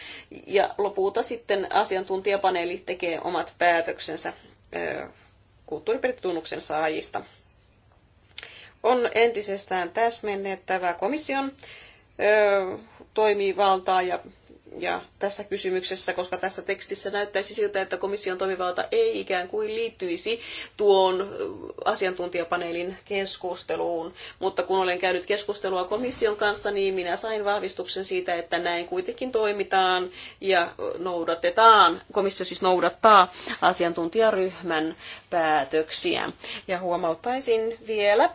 D: ja lopulta sitten asiantuntijapaneeli tekee omat päätöksensä kulttuuriperintötunnuksen saajista. On entisestään täsmennettävä komission toimivaltaa ja ja tässä kysymyksessä, koska tässä tekstissä näyttäisi siltä, että komission toimivalta ei ikään kuin liittyisi tuon asiantuntijapaneelin keskusteluun. Mutta kun olen käynyt keskustelua komission kanssa, niin minä sain vahvistuksen siitä, että näin kuitenkin toimitaan ja noudatetaan, komissio siis noudattaa asiantuntijaryhmän päätöksiä. Ja huomauttaisin vielä,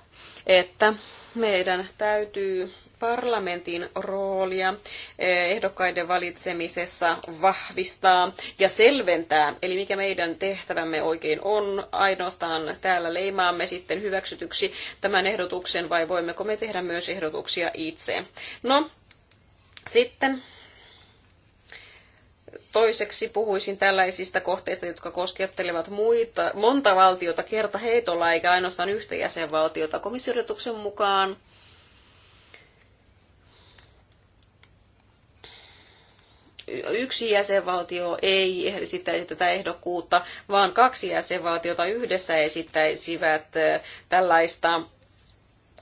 D: että meidän täytyy parlamentin roolia eh, ehdokkaiden valitsemisessa vahvistaa ja selventää. Eli mikä meidän tehtävämme oikein on, ainoastaan täällä leimaamme sitten hyväksytyksi tämän ehdotuksen vai voimmeko me tehdä myös ehdotuksia itse. No, sitten toiseksi puhuisin tällaisista kohteista, jotka koskettelevat muita, monta valtiota kerta heitolla, eikä ainoastaan yhtä jäsenvaltiota. Komissiodotuksen mukaan yksi jäsenvaltio ei esittäisi tätä ehdokkuutta, vaan kaksi jäsenvaltiota yhdessä esittäisivät tällaista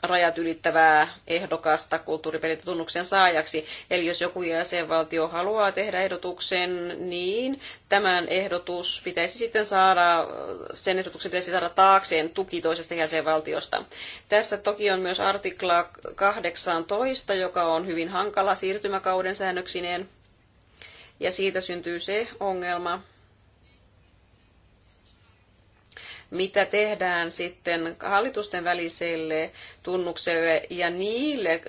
D: rajat ylittävää ehdokasta kulttuuriperintötunnuksen saajaksi. Eli jos joku jäsenvaltio haluaa tehdä ehdotuksen, niin tämän ehdotus pitäisi sitten saada, sen ehdotuksen pitäisi saada taakseen tuki toisesta jäsenvaltiosta. Tässä toki on myös artikla 18, joka on hyvin hankala siirtymäkauden säännöksineen ja siitä syntyy se ongelma, mitä tehdään sitten hallitusten väliselle tunnukselle ja niille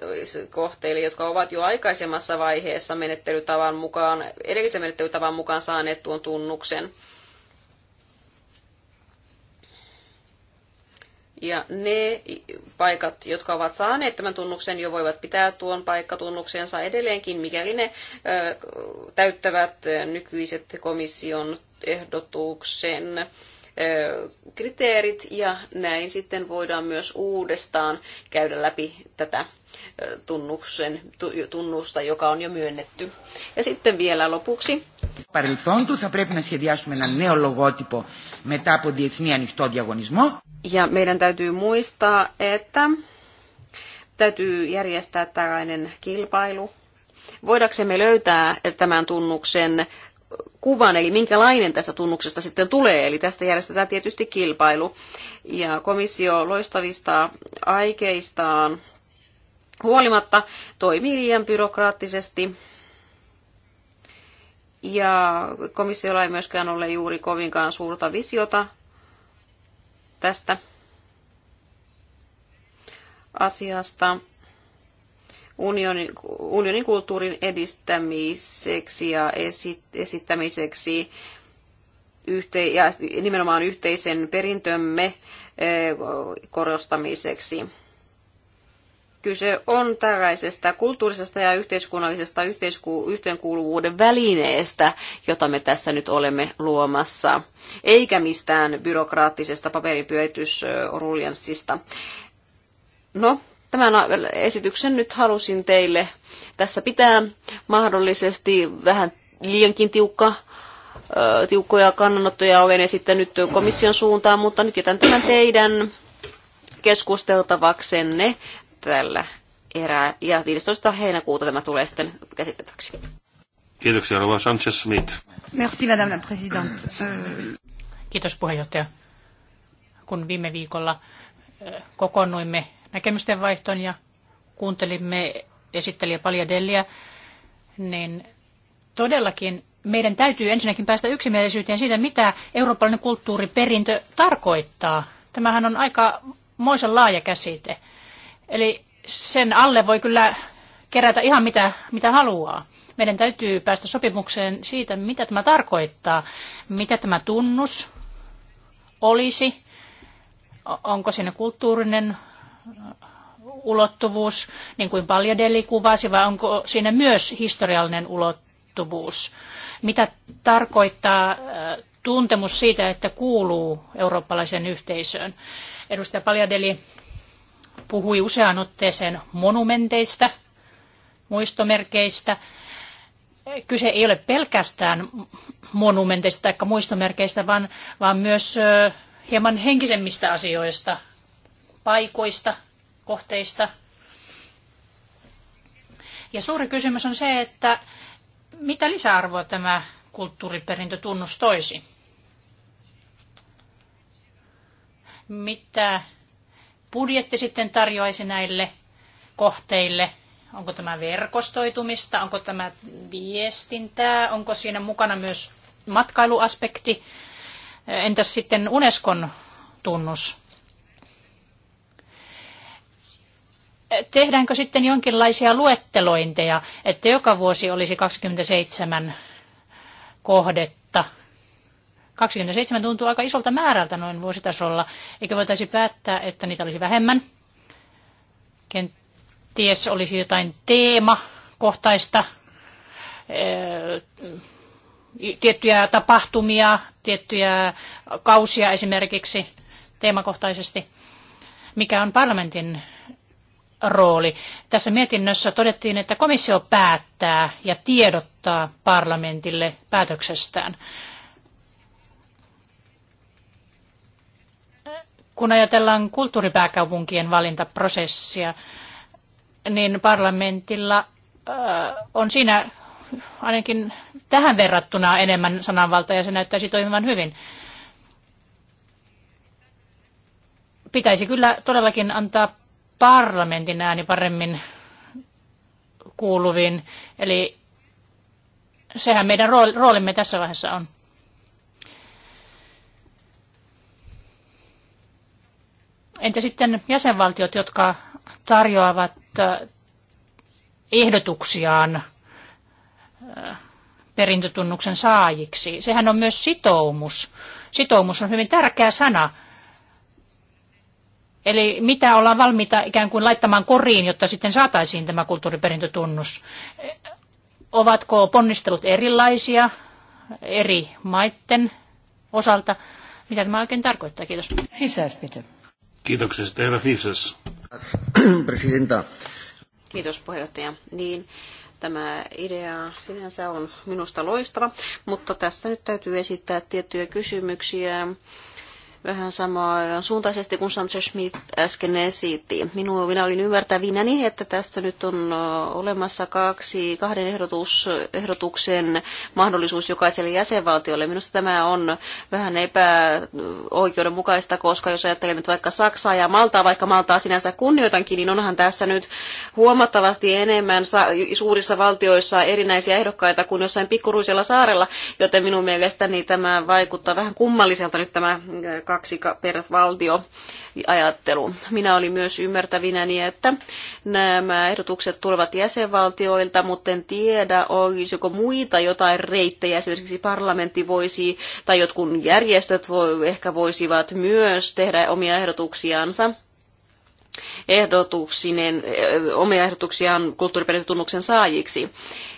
D: kohteille, jotka ovat jo aikaisemmassa vaiheessa menettelytavan mukaan, edellisen menettelytavan mukaan saaneet tuon tunnuksen. Ja ne paikat, jotka ovat saaneet tämän tunnuksen, jo voivat pitää tuon paikkatunnuksensa edelleenkin, mikäli ne täyttävät nykyiset komission ehdotuksen kriteerit ja näin sitten voidaan myös uudestaan käydä läpi tätä tunnuksen, tunnusta, joka on jo myönnetty. Ja sitten vielä lopuksi.
A: Παρελθόν θα πρέπει να σχεδιάσουμε έναν νέο λογότυπο μετά από διεθνή ανοιχτό διαγωνισμό.
D: Ja meidän täytyy muistaa, että täytyy järjestää tällainen kilpailu. Voidaksemme löytää tämän tunnuksen kuvan, eli minkälainen tästä tunnuksesta sitten tulee. Eli tästä järjestetään tietysti kilpailu. Ja komissio loistavista aikeistaan huolimatta toimii liian byrokraattisesti. Ja komissiolla ei myöskään ole juuri kovinkaan suurta visiota tästä asiasta unionin, unionin kulttuurin edistämiseksi ja esittämiseksi yhte, ja nimenomaan yhteisen perintömme eh, korostamiseksi kyse on tällaisesta kulttuurisesta ja yhteiskunnallisesta yhteisku- yhteenkuuluvuuden välineestä, jota me tässä nyt olemme luomassa, eikä mistään byrokraattisesta paperinpyöritysruljanssista. No, tämän esityksen nyt halusin teille tässä pitää mahdollisesti vähän liiankin tiukka tiukkoja kannanottoja olen esittänyt komission suuntaan, mutta nyt jätän tämän teidän keskusteltavaksenne tällä erää. Ja 15. heinäkuuta tämä tulee sitten käsiteltäväksi.
B: Kiitoksia, Rova Sanchez-Smith.
C: Merci, madame la présidente. Euh, Kiitos, puheenjohtaja. Kun viime viikolla äh, kokoonnuimme näkemysten vaihtoon ja kuuntelimme esittelijä Delliä, niin todellakin meidän täytyy ensinnäkin päästä yksimielisyyteen siitä, mitä eurooppalainen kulttuuriperintö tarkoittaa. Tämähän on aika moisen laaja käsite. Eli sen alle voi kyllä kerätä ihan mitä, mitä haluaa. Meidän täytyy päästä sopimukseen siitä, mitä tämä tarkoittaa, mitä tämä tunnus olisi, onko siinä kulttuurinen äh, ulottuvuus, niin kuin Paljadeli kuvasi, vai onko siinä myös historiallinen ulottuvuus? Mitä tarkoittaa äh, tuntemus siitä, että kuuluu eurooppalaiseen yhteisöön? Edustaja Paljadeli puhui useaan otteeseen monumenteista, muistomerkeistä. Kyse ei ole pelkästään monumenteista tai muistomerkeistä, vaan, vaan myös hieman henkisemmistä asioista, paikoista, kohteista. Ja suuri kysymys on se, että mitä lisäarvoa tämä kulttuuriperintö tunnustoisi? Mitä budjetti sitten tarjoaisi näille kohteille? Onko tämä verkostoitumista, onko tämä viestintää, onko siinä mukana myös matkailuaspekti? Entäs sitten Unescon tunnus? Tehdäänkö sitten jonkinlaisia luettelointeja, että joka vuosi olisi 27 kohdetta, 27 tuntuu aika isolta määrältä noin vuositasolla, eikä voitaisi päättää, että niitä olisi vähemmän. Kenties olisi jotain teemakohtaista, eh, tiettyjä tapahtumia, tiettyjä kausia esimerkiksi teemakohtaisesti. Mikä on parlamentin rooli. Tässä mietinnössä todettiin, että komissio päättää ja tiedottaa parlamentille päätöksestään. kun ajatellaan kulttuuripääkaupunkien valintaprosessia, niin parlamentilla äh, on siinä ainakin tähän verrattuna enemmän sananvaltaa ja se näyttäisi toimivan hyvin. Pitäisi kyllä todellakin antaa parlamentin ääni paremmin kuuluviin, eli sehän meidän roolimme tässä vaiheessa on. Entä sitten jäsenvaltiot, jotka tarjoavat äh, ehdotuksiaan äh, perintötunnuksen saajiksi? Sehän on myös sitoumus. Sitoumus on hyvin tärkeä sana. Eli mitä ollaan valmiita ikään kuin laittamaan koriin, jotta sitten saataisiin tämä kulttuuriperintötunnus? Ovatko ponnistelut erilaisia eri maiden osalta? Mitä tämä oikein tarkoittaa? Kiitos. Hisäys,
B: Kiitoksesta, herra Fisas. Presidenta.
D: Kiitos puheenjohtaja. Niin, tämä idea sinänsä on minusta loistava, mutta tässä nyt täytyy esittää tiettyjä kysymyksiä vähän samaa suuntaisesti kuin Sanchez Schmidt äsken esitti. Minua, minä olin ymmärtävinä niin, että tässä nyt on olemassa kaksi, kahden ehdotus, ehdotuksen mahdollisuus jokaiselle jäsenvaltiolle. Minusta tämä on vähän epäoikeudenmukaista, koska jos ajattelemme että vaikka Saksaa ja Maltaa, vaikka Maltaa sinänsä kunnioitankin, niin onhan tässä nyt huomattavasti enemmän suurissa valtioissa erinäisiä ehdokkaita kuin jossain pikkuruisella saarella, joten minun mielestäni tämä vaikuttaa vähän kummalliselta nyt tämä kaksi per valtio ajattelu. Minä olin myös ymmärtävinäni, että nämä ehdotukset tulevat jäsenvaltioilta, mutta en tiedä, olisiko muita jotain reittejä. Esimerkiksi parlamentti voisi, tai jotkun järjestöt voi, ehkä voisivat myös tehdä omia ehdotuksiansa ehdotuksinen, omia ehdotuksiaan kulttuuriperintötunnuksen saajiksi.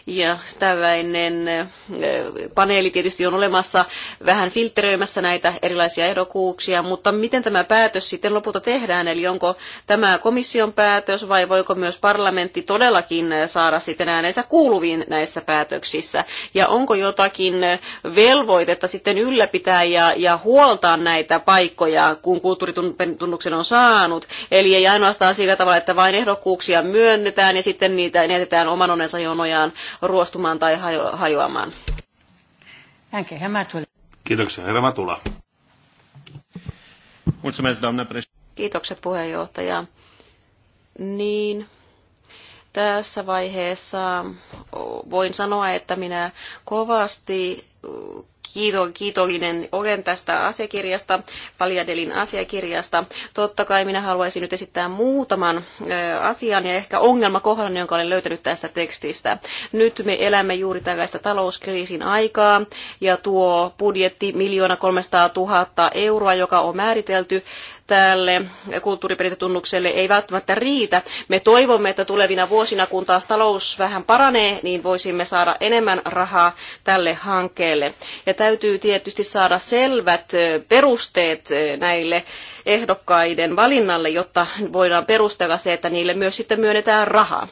D: Ja tällainen paneeli tietysti on olemassa vähän filtteröimässä näitä erilaisia ehdokkuuksia, mutta miten tämä päätös sitten lopulta tehdään, eli onko tämä komission päätös vai voiko myös parlamentti todellakin saada sitten äänensä kuuluviin näissä päätöksissä, ja onko jotakin velvoitetta sitten ylläpitää ja, ja huoltaa näitä paikkoja, kun kulttuuritunnuksen on saanut, eli ei ainoastaan ratkaistaan sillä tavalla, että vain ehdokkuuksia myönnetään ja sitten niitä jätetään oman onnensa jonojaan ruostumaan tai hajo- hajoamaan.
B: Kiitoksia, herra Matula.
D: Kiitokset puheenjohtaja. Niin, tässä vaiheessa voin sanoa, että minä kovasti kiito, kiitollinen olen tästä asiakirjasta, Paljadelin asiakirjasta. Totta kai minä haluaisin nyt esittää muutaman asian ja ehkä ongelmakohdan, jonka olen löytänyt tästä tekstistä. Nyt me elämme juuri tällaista talouskriisin aikaa ja tuo budjetti miljoona 300 000 euroa, joka on määritelty tälle kulttuuriperintötunnukselle ei välttämättä riitä. Me toivomme, että tulevina vuosina, kun taas talous vähän paranee, niin voisimme saada enemmän rahaa tälle hankkeelle. Ja täytyy tietysti saada selvät perusteet näille ehdokkaiden valinnalle, jotta voidaan perustella se, että niille myös sitten myönnetään rahaa.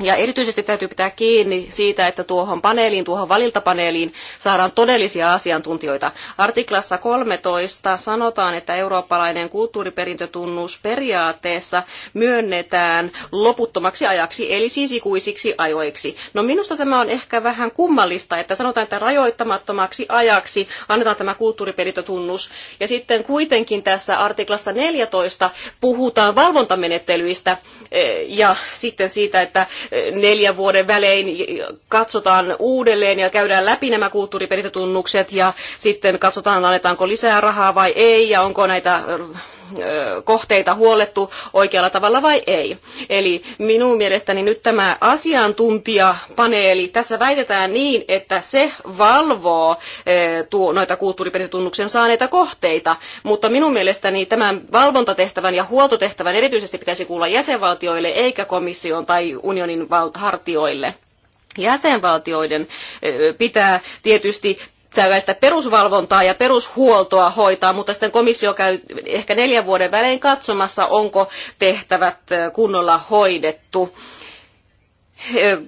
D: Ja erityisesti täytyy pitää kiinni siitä, että tuohon paneeliin, tuohon valintapaneeliin saadaan todellisia asiantuntijoita. Artiklassa 13 sanotaan, että eurooppalainen kulttuuriperintötunnus periaatteessa myönnetään loputtomaksi ajaksi, eli siis ikuisiksi ajoiksi. No minusta tämä on ehkä vähän kummallista, että sanotaan, että rajoittamattomaksi ajaksi annetaan tämä kulttuuriperintötunnus. Ja sitten kuitenkin tässä artiklassa 14 puhutaan valvontamenettelyistä eh, ja sitten siitä, että neljän vuoden välein katsotaan uudelleen ja käydään läpi nämä kulttuuriperintötunnukset ja sitten katsotaan, annetaanko lisää rahaa vai ei ja onko näitä kohteita huolettu oikealla tavalla vai ei. Eli minun mielestäni nyt tämä asiantuntijapaneeli, tässä väitetään niin, että se valvoo tuo, noita kulttuuriperintötunnuksen saaneita kohteita, mutta minun mielestäni tämän valvontatehtävän ja huoltotehtävän erityisesti pitäisi kuulla jäsenvaltioille eikä komission tai unionin hartioille jäsenvaltioiden pitää tietysti tällaista perusvalvontaa ja perushuoltoa hoitaa, mutta sitten komissio käy ehkä neljän vuoden välein katsomassa, onko tehtävät kunnolla hoidettu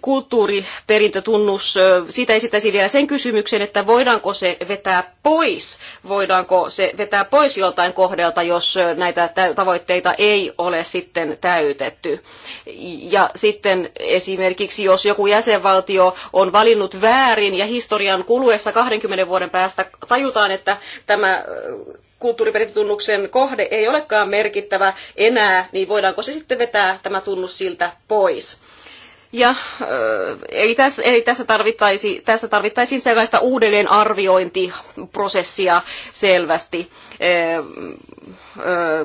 D: kulttuuriperintötunnus, siitä esittäisin vielä sen kysymyksen, että voidaanko se vetää pois, voidaanko se vetää pois joltain kohdelta, jos näitä tavoitteita ei ole sitten täytetty. Ja sitten esimerkiksi, jos joku jäsenvaltio on valinnut väärin ja historian kuluessa 20 vuoden päästä tajutaan, että tämä kulttuuriperintötunnuksen kohde ei olekaan merkittävä enää, niin voidaanko se sitten vetää tämä tunnus siltä pois? Ja äh, ei, tässä, eli tässä, tarvittaisi, tässä tarvittaisiin sellaista uudelleenarviointiprosessia selvästi. Äh,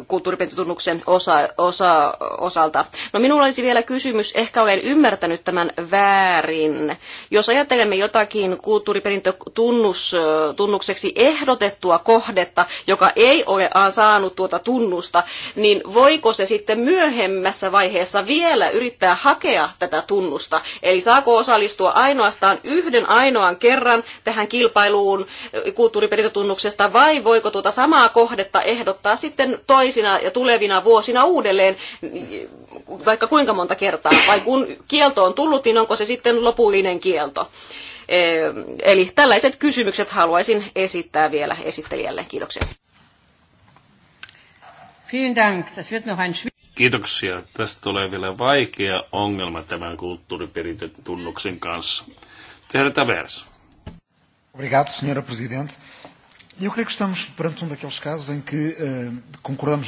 D: kulttuuriperintötunnuksen osa, osa, osalta. No minulla olisi vielä kysymys, ehkä olen ymmärtänyt tämän väärin. Jos ajattelemme jotakin kulttuuriperintötunnukseksi ehdotettua kohdetta, joka ei ole saanut tuota tunnusta, niin voiko se sitten myöhemmässä vaiheessa vielä yrittää hakea tätä tunnusta? Eli saako osallistua ainoastaan yhden ainoan kerran tähän kilpailuun kulttuuriperintötunnuksesta vai voiko tuota samaa kohdetta ehdottaa sitten sitten toisina ja tulevina vuosina uudelleen, vaikka kuinka monta kertaa, vai kun kielto on tullut, niin onko se sitten lopullinen kielto. Eh, eli tällaiset kysymykset haluaisin esittää vielä esittelijälle. Kiitoksia.
B: Kiitoksia. Tästä tulee vielä vaikea ongelma tämän kulttuuriperintötunnuksen kanssa. Tehdään tämä
A: Obrigado, senhora Presidente. E eu creio que estamos perante um daqueles casos em que uh, concordamos.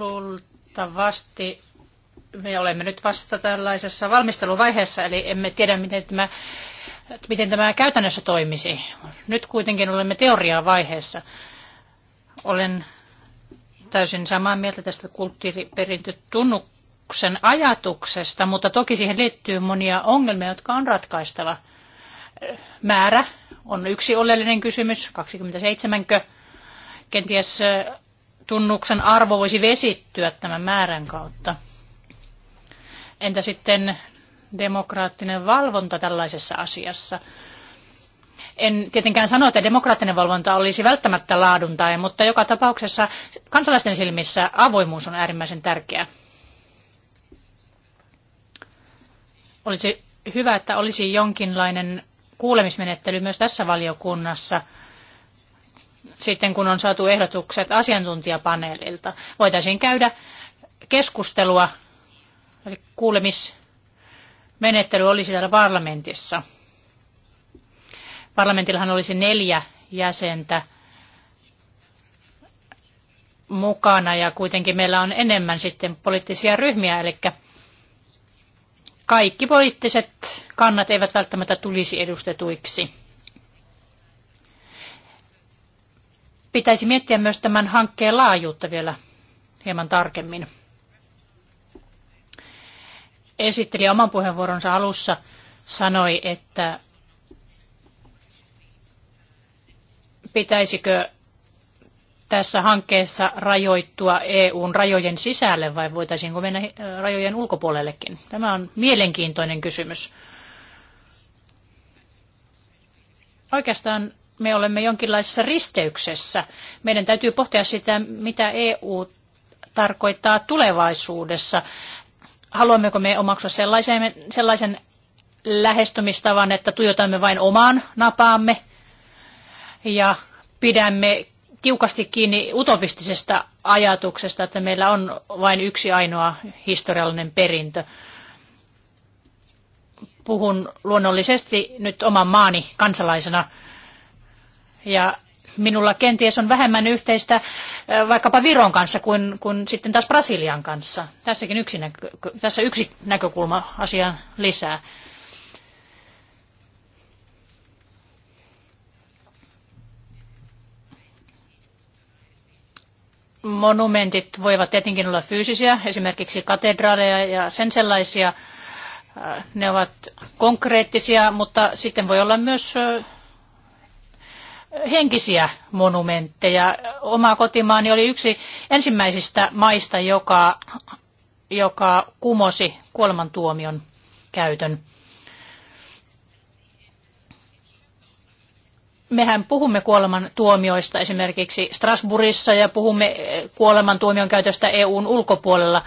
C: Luultavasti me olemme nyt vasta tällaisessa valmisteluvaiheessa, eli emme tiedä, miten tämä, miten tämä käytännössä toimisi. Nyt kuitenkin olemme teoriaa vaiheessa. Olen täysin samaa mieltä tästä kulttuuriperintötunnuksen ajatuksesta, mutta toki siihen liittyy monia ongelmia, jotka on ratkaistava. Määrä on yksi oleellinen kysymys, 27kö. Kenties tunnuksen arvo voisi vesittyä tämän määrän kautta. Entä sitten demokraattinen valvonta tällaisessa asiassa? En tietenkään sano, että demokraattinen valvonta olisi välttämättä laadun tai, mutta joka tapauksessa kansalaisten silmissä avoimuus on äärimmäisen tärkeää. Olisi hyvä, että olisi jonkinlainen kuulemismenettely myös tässä valiokunnassa sitten kun on saatu ehdotukset asiantuntijapaneelilta. Voitaisiin käydä keskustelua, eli kuulemismenettely olisi täällä parlamentissa. Parlamentillahan olisi neljä jäsentä mukana ja kuitenkin meillä on enemmän sitten poliittisia ryhmiä, eli kaikki poliittiset kannat eivät välttämättä tulisi edustetuiksi. Pitäisi miettiä myös tämän hankkeen laajuutta vielä hieman tarkemmin. Esittelijä oman puheenvuoronsa alussa sanoi, että pitäisikö tässä hankkeessa rajoittua EUn rajojen sisälle vai voitaisiinko mennä eh, rajojen ulkopuolellekin? Tämä on mielenkiintoinen kysymys. Oikeastaan me olemme jonkinlaisessa risteyksessä. Meidän täytyy pohtia sitä, mitä EU tarkoittaa tulevaisuudessa. Haluammeko me omaksua sellaisen, sellaisen lähestymistavan, että tuijotamme vain omaan napaamme ja pidämme tiukasti kiinni utopistisesta ajatuksesta, että meillä on vain yksi ainoa historiallinen perintö. Puhun luonnollisesti nyt oman maani kansalaisena ja minulla kenties on vähemmän yhteistä vaikkapa Viron kanssa kuin, kuin sitten taas Brasilian kanssa. Tässäkin yksi näkö, tässä yksi näkökulma asiaan lisää. monumentit voivat tietenkin olla fyysisiä, esimerkiksi katedraaleja ja sen sellaisia. Äh, ne ovat konkreettisia, mutta sitten voi olla myös henkisiä monumentteja. Oma kotimaani oli yksi ensimmäisistä maista, joka, joka kumosi kuolemantuomion käytön. mehän puhumme kuoleman tuomioista esimerkiksi Strasbourgissa ja puhumme eh, kuoleman tuomion käytöstä EUn ulkopuolella.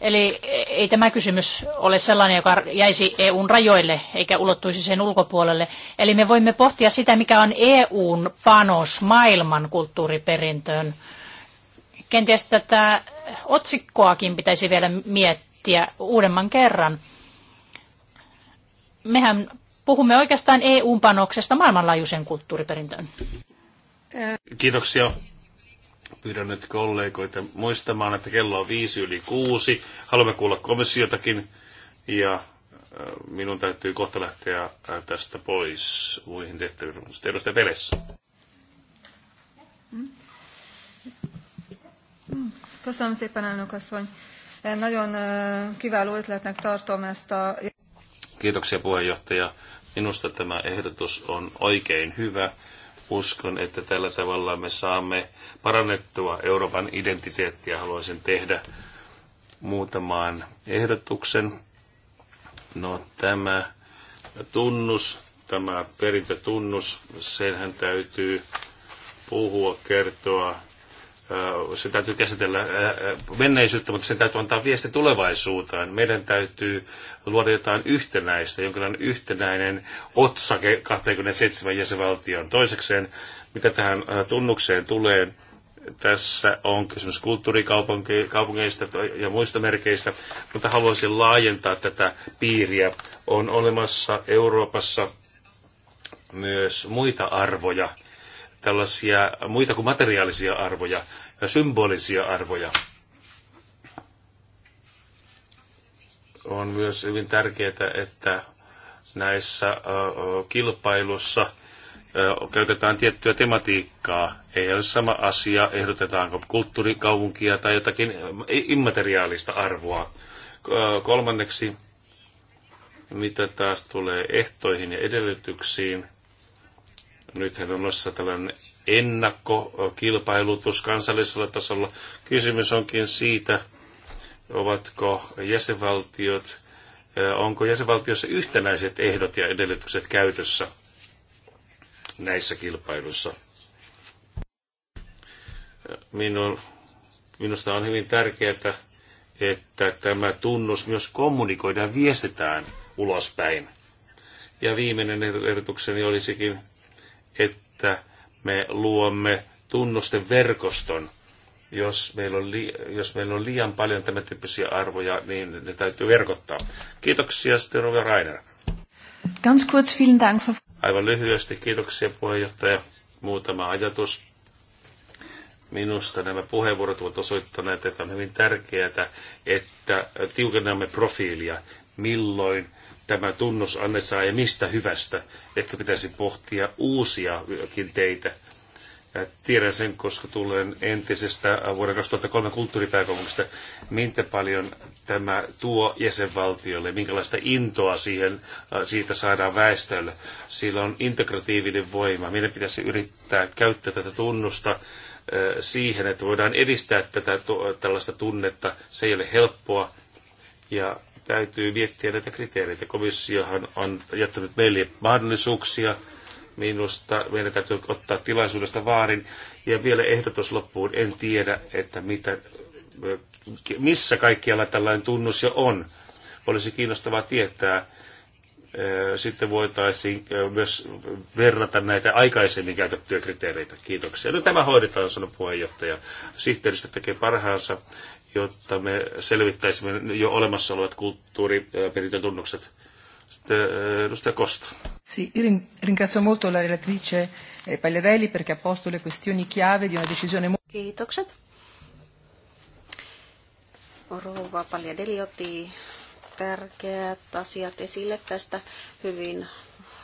C: Eli eh, ei tämä kysymys ole sellainen, joka jäisi EUn rajoille eikä ulottuisi sen ulkopuolelle. Eli me voimme pohtia sitä, mikä on EUn panos maailman kulttuuriperintöön. Kenties tätä otsikkoakin pitäisi vielä miettiä uudemman kerran. Mehän puhumme oikeastaan eu panoksesta maailmanlaajuisen kulttuuriperintöön.
B: Kiitoksia. Pyydän nyt kollegoita muistamaan, että kello on viisi yli kuusi. Haluamme kuulla komissiotakin ja äh, minun täytyy kohta lähteä äh, tästä pois muihin tehtäviin. Edustaja Peles.
D: Köszönöm szépen, elnök asszony. Nagyon kiváló ötletnek tartom ezt a...
B: Kiitoksia puheenjohtaja. Minusta tämä ehdotus on oikein hyvä. Uskon, että tällä tavalla me saamme parannettua Euroopan identiteettiä. Haluaisin tehdä muutamaan ehdotuksen. No tämä tunnus, tämä perintötunnus, senhän täytyy puhua, kertoa se täytyy käsitellä menneisyyttä, mutta sen täytyy antaa viesti tulevaisuuteen. Meidän täytyy luoda jotain yhtenäistä, jonkinlainen yhtenäinen otsake 27 jäsenvaltioon. Toisekseen, mitä tähän tunnukseen tulee, tässä on kysymys kulttuurikaupungeista ja muista merkeistä, mutta haluaisin laajentaa tätä piiriä. On olemassa Euroopassa myös muita arvoja, tällaisia muita kuin materiaalisia arvoja symbolisia arvoja. On myös hyvin tärkeää, että näissä kilpailussa käytetään tiettyä tematiikkaa. Ei ole sama asia, ehdotetaanko kulttuurikaupunkia tai jotakin immateriaalista arvoa. Kolmanneksi, mitä taas tulee ehtoihin ja edellytyksiin, nythän on osa tällainen ennakkokilpailutus kansallisella tasolla. Kysymys onkin siitä, ovatko jäsenvaltiot, onko jäsenvaltiossa yhtenäiset ehdot ja edellytykset käytössä näissä kilpailuissa. Minun, minusta on hyvin tärkeää, että tämä tunnus myös kommunikoidaan ja viestitään ulospäin. Ja viimeinen ehdotukseni olisikin, että me luomme tunnusten verkoston. Jos meillä, on li- jos meillä on liian paljon tämän tyyppisiä arvoja, niin ne täytyy verkottaa. Kiitoksia, Stero ja Rainer.
A: Ganz kurz, vielen Dank.
B: Aivan lyhyesti, kiitoksia puheenjohtaja. Muutama ajatus. Minusta nämä puheenvuorot ovat osoittaneet, että on hyvin tärkeää, että tiukennamme profiilia, milloin – tämä tunnus annetaan ja mistä hyvästä. Ehkä pitäisi pohtia uusiakin teitä. Tiedän sen, koska tulen entisestä vuoden 2003 kulttuuripääkaupungista, minkä paljon tämä tuo jäsenvaltiolle, minkälaista intoa siihen, siitä saadaan väestölle. Sillä on integratiivinen voima. Meidän pitäisi yrittää käyttää tätä tunnusta siihen, että voidaan edistää tätä, tällaista tunnetta. Se ei ole helppoa ja täytyy miettiä näitä kriteereitä. Komissiohan on jättänyt meille mahdollisuuksia. Minusta meidän täytyy ottaa tilaisuudesta vaarin. Ja vielä ehdotus loppuun. En tiedä, että mitä, missä kaikkialla tällainen tunnus jo on. Olisi kiinnostavaa tietää. Sitten voitaisiin myös verrata näitä aikaisemmin käytettyjä kriteereitä. Kiitoksia. No tämä hoidetaan, sanoi puheenjohtaja. Sihteeristö tekee parhaansa, jotta me selvittäisimme jo olemassa olevat kulttuuriperintötunnukset. Sitten eh, edustaja Kosta.
A: Sì,
C: ringrazio molto la relatrice e Pagliarelli perché ha posto le questioni chiave di una decisione... Kiitokset.
D: Rouva Pagliarelli otti tärkeät asiat esille tästä hyvin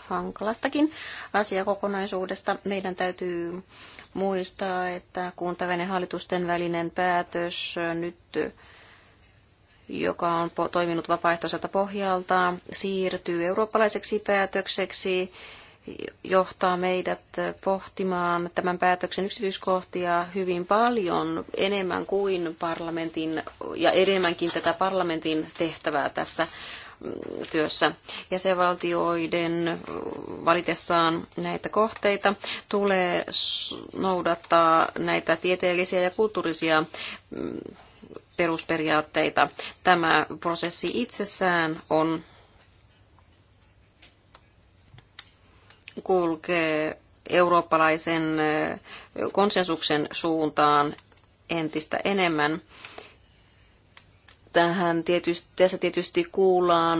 D: hankalastakin asiakokonaisuudesta. Meidän täytyy muistaa, että kuntavenen hallitusten välinen päätös nyt joka on toiminut vapaaehtoiselta pohjalta, siirtyy eurooppalaiseksi päätökseksi, johtaa meidät pohtimaan tämän päätöksen yksityiskohtia hyvin paljon enemmän kuin parlamentin ja enemmänkin tätä parlamentin tehtävää tässä työssä. Jäsenvaltioiden valitessaan näitä kohteita tulee noudattaa näitä tieteellisiä ja kulttuurisia mm, perusperiaatteita. Tämä prosessi itsessään on kulkee eurooppalaisen konsensuksen suuntaan entistä enemmän. Tähän tietysti, tässä tietysti kuullaan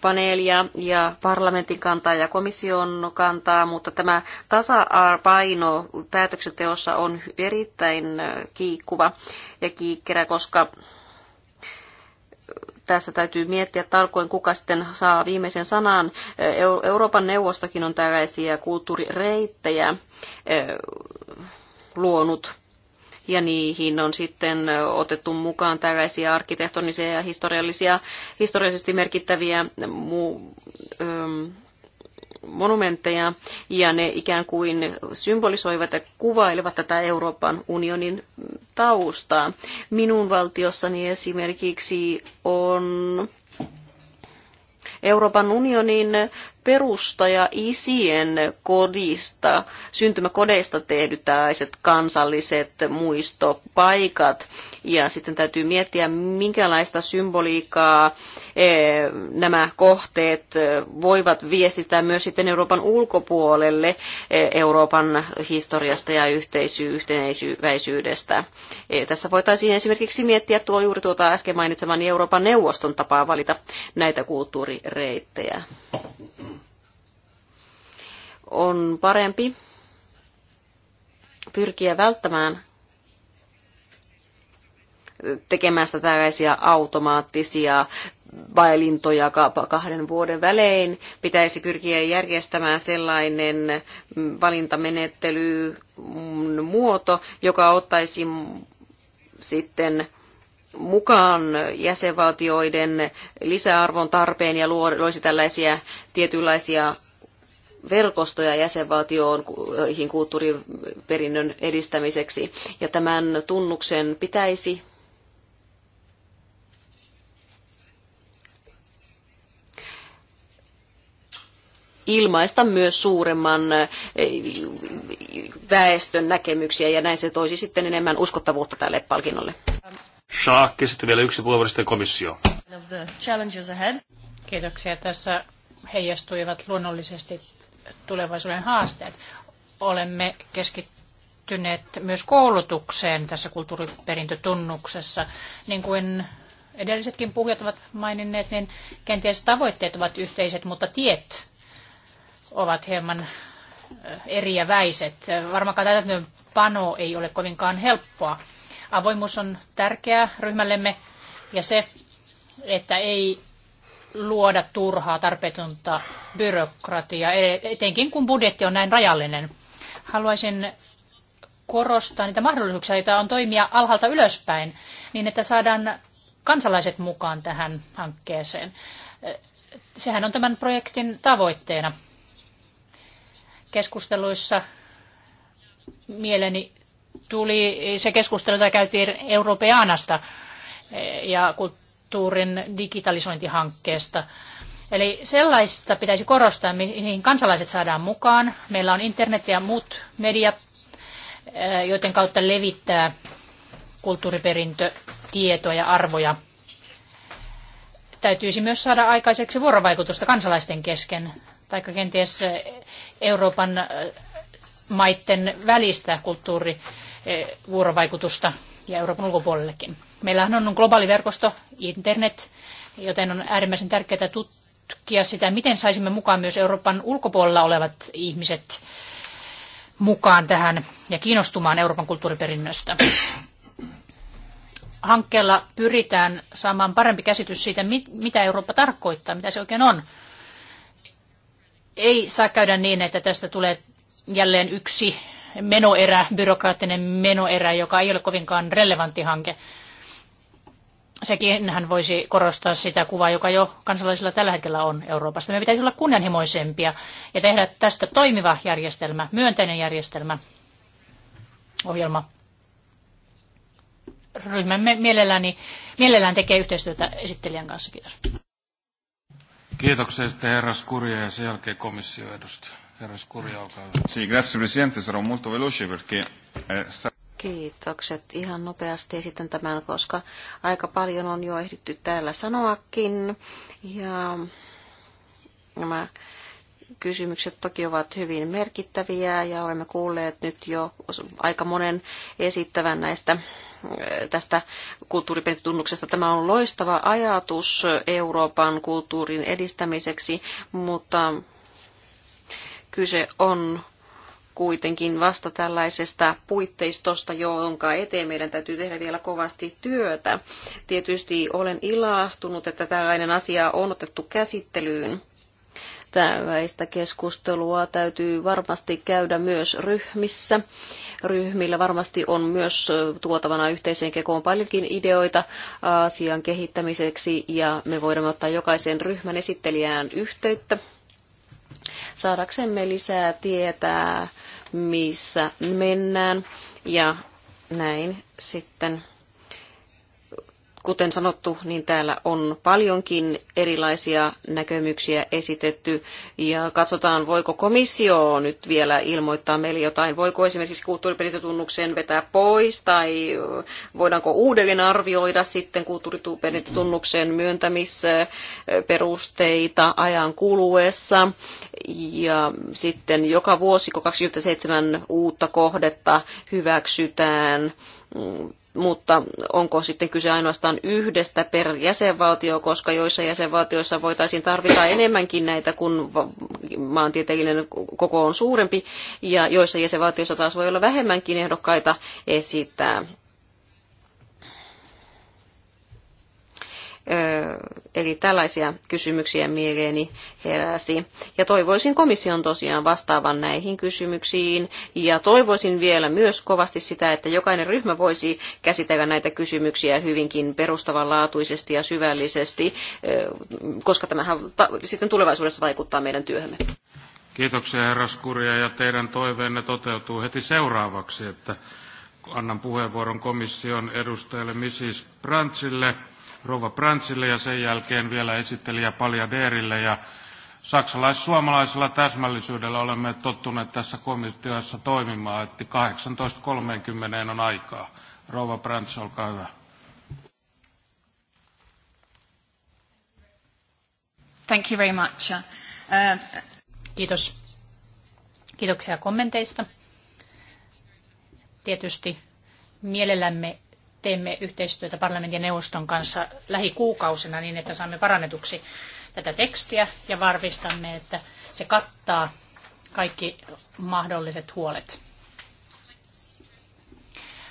D: paneelia ja parlamentin kantaa ja komission kantaa, mutta tämä tasapaino päätöksenteossa on erittäin kiikkuva ja kiikkerä, koska tässä täytyy miettiä tarkoin, kuka sitten saa viimeisen sanan. Euroopan neuvostakin on tällaisia kulttuurireittejä luonut ja niihin on sitten otettu mukaan tällaisia arkkitehtonisia ja historiallisia, historiallisesti merkittäviä mu, öm, monumentteja, ja ne ikään kuin symbolisoivat ja kuvailevat tätä Euroopan unionin taustaa. Minun valtiossani esimerkiksi on Euroopan unionin perustaja isien kodista, syntymäkodeista tehdyt tällaiset kansalliset muistopaikat. Ja sitten täytyy miettiä, minkälaista symboliikkaa e, nämä kohteet voivat viestittää myös sitten Euroopan ulkopuolelle e, Euroopan historiasta ja yhteisyydestä. E, tässä voitaisiin esimerkiksi miettiä tuo juuri tuota äsken mainitsemani Euroopan neuvoston tapaa valita näitä kulttuurireittejä on parempi pyrkiä välttämään tekemästä tällaisia automaattisia vaelintoja kahden vuoden välein. Pitäisi pyrkiä järjestämään sellainen valintamenettely mm, muoto, joka ottaisi sitten mukaan jäsenvaltioiden lisäarvon tarpeen ja loisi tällaisia tietynlaisia verkostoja jäsenvaltioihin kulttuuriperinnön edistämiseksi. Ja tämän tunnuksen pitäisi ilmaista myös suuremman eh, väestön näkemyksiä, ja näin se toisi sitten enemmän uskottavuutta tälle palkinnolle.
B: Shaakki, sitten vielä yksi puheenvuoro, sitten komissio.
C: Kiitoksia. Tässä heijastuivat luonnollisesti tulevaisuuden haasteet. Olemme keskittyneet myös koulutukseen tässä kulttuuriperintötunnuksessa. Niin kuin edellisetkin puhujat ovat maininneet, niin kenties tavoitteet ovat yhteiset, mutta tiet ovat hieman eriäväiset. Varmaankaan pano ei ole kovinkaan helppoa. Avoimuus on tärkeää ryhmällemme ja se, että ei luoda turhaa, tarpeetonta byrokratiaa, e- etenkin kun budjetti on näin rajallinen. Haluaisin korostaa niitä mahdollisuuksia, joita on toimia alhaalta ylöspäin, niin että saadaan kansalaiset mukaan tähän hankkeeseen. Sehän on tämän projektin tavoitteena. Keskusteluissa mieleni tuli se keskustelu, jota käytiin Europeanasta ja kulttuurin digitalisointihankkeesta. Eli sellaista pitäisi korostaa, mihin kansalaiset saadaan mukaan. Meillä on internet ja muut mediat, eh, joiden kautta levittää kulttuuriperintötietoa ja arvoja. Täytyisi myös saada aikaiseksi vuorovaikutusta kansalaisten kesken, tai kenties Euroopan eh, maiden välistä kulttuurivuorovaikutusta ja Euroopan ulkopuolellekin. Meillähän on globaali verkosto, internet, joten on äärimmäisen tärkeää tutkia sitä, miten saisimme mukaan myös Euroopan ulkopuolella olevat ihmiset mukaan tähän ja kiinnostumaan Euroopan kulttuuriperinnöstä. Hankkeella pyritään saamaan parempi käsitys siitä, mitä Eurooppa tarkoittaa, mitä se oikein on. Ei saa käydä niin, että tästä tulee jälleen yksi menoerä, byrokraattinen menoerä, joka ei ole kovinkaan relevantti hanke sekin hän voisi korostaa sitä kuvaa, joka jo kansalaisilla tällä hetkellä on Euroopasta. Me pitäisi olla kunnianhimoisempia ja tehdä tästä toimiva järjestelmä, myönteinen järjestelmä, ohjelma. Ryhmämme mielelläni, mielellään tekee yhteistyötä esittelijän kanssa. Kiitos.
A: Kiitoksia sitten herra Skuria ja sen jälkeen komission edustaja. Herra Skuria, olkaa hyvä. Sì, grazie Presidente, sarò molto veloce perché... Eh,
D: Kiitokset ihan nopeasti esitän tämän, koska aika paljon on jo ehditty täällä sanoakin. Ja nämä kysymykset toki ovat hyvin merkittäviä ja olemme kuulleet nyt jo aika monen esittävän näistä tästä kulttuuriperintötunnuksesta. Tämä on loistava ajatus Euroopan kulttuurin edistämiseksi, mutta kyse on kuitenkin vasta tällaisesta puitteistosta, jonka eteen meidän täytyy tehdä vielä kovasti työtä. Tietysti olen ilahtunut, että tällainen asia on otettu käsittelyyn tällaista keskustelua täytyy varmasti käydä myös ryhmissä. Ryhmillä varmasti on myös tuotavana yhteiseen kekoon paljonkin ideoita asian kehittämiseksi ja me voidaan ottaa jokaisen ryhmän esittelijään yhteyttä saadaksemme lisää tietää missä mennään. Ja näin sitten kuten sanottu, niin täällä on paljonkin erilaisia näkemyksiä esitetty ja katsotaan, voiko komissio nyt vielä ilmoittaa meille jotain. Voiko esimerkiksi kulttuuriperintötunnuksen vetää pois tai voidaanko uudelleen arvioida sitten kulttuuriperintötunnuksen myöntämisperusteita ajan kuluessa ja sitten joka vuosi, kun 27 uutta kohdetta hyväksytään, mm, mutta onko sitten kyse ainoastaan yhdestä per jäsenvaltio, koska joissa jäsenvaltioissa voitaisiin tarvita enemmänkin näitä, kun maantieteellinen koko on suurempi, ja joissa jäsenvaltioissa taas voi olla vähemmänkin ehdokkaita esittää. Eli tällaisia kysymyksiä mieleeni heräsi. Ja toivoisin komission tosiaan vastaavan näihin kysymyksiin. Ja toivoisin vielä myös kovasti sitä, että jokainen ryhmä voisi käsitellä näitä kysymyksiä hyvinkin perustavanlaatuisesti ja syvällisesti, koska tämähän sitten tulevaisuudessa vaikuttaa meidän työhömme.
A: Kiitoksia herra Skuria ja teidän toiveenne toteutuu heti seuraavaksi, että annan puheenvuoron komission edustajalle Mrs. Brantsille. Rova Brantsille ja sen jälkeen vielä esittelijä Palja Deerille. Ja saksalais-suomalaisella täsmällisyydellä olemme tottuneet tässä komiteassa toimimaan, että 18.30 on aikaa. Rova Brants, olkaa hyvä.
C: Thank you very much. Uh, Kiitos. Kiitoksia kommenteista. Tietysti mielellämme teemme yhteistyötä parlamentin ja neuvoston kanssa lähikuukausina niin, että saamme parannetuksi tätä tekstiä ja varmistamme, että se kattaa kaikki mahdolliset huolet.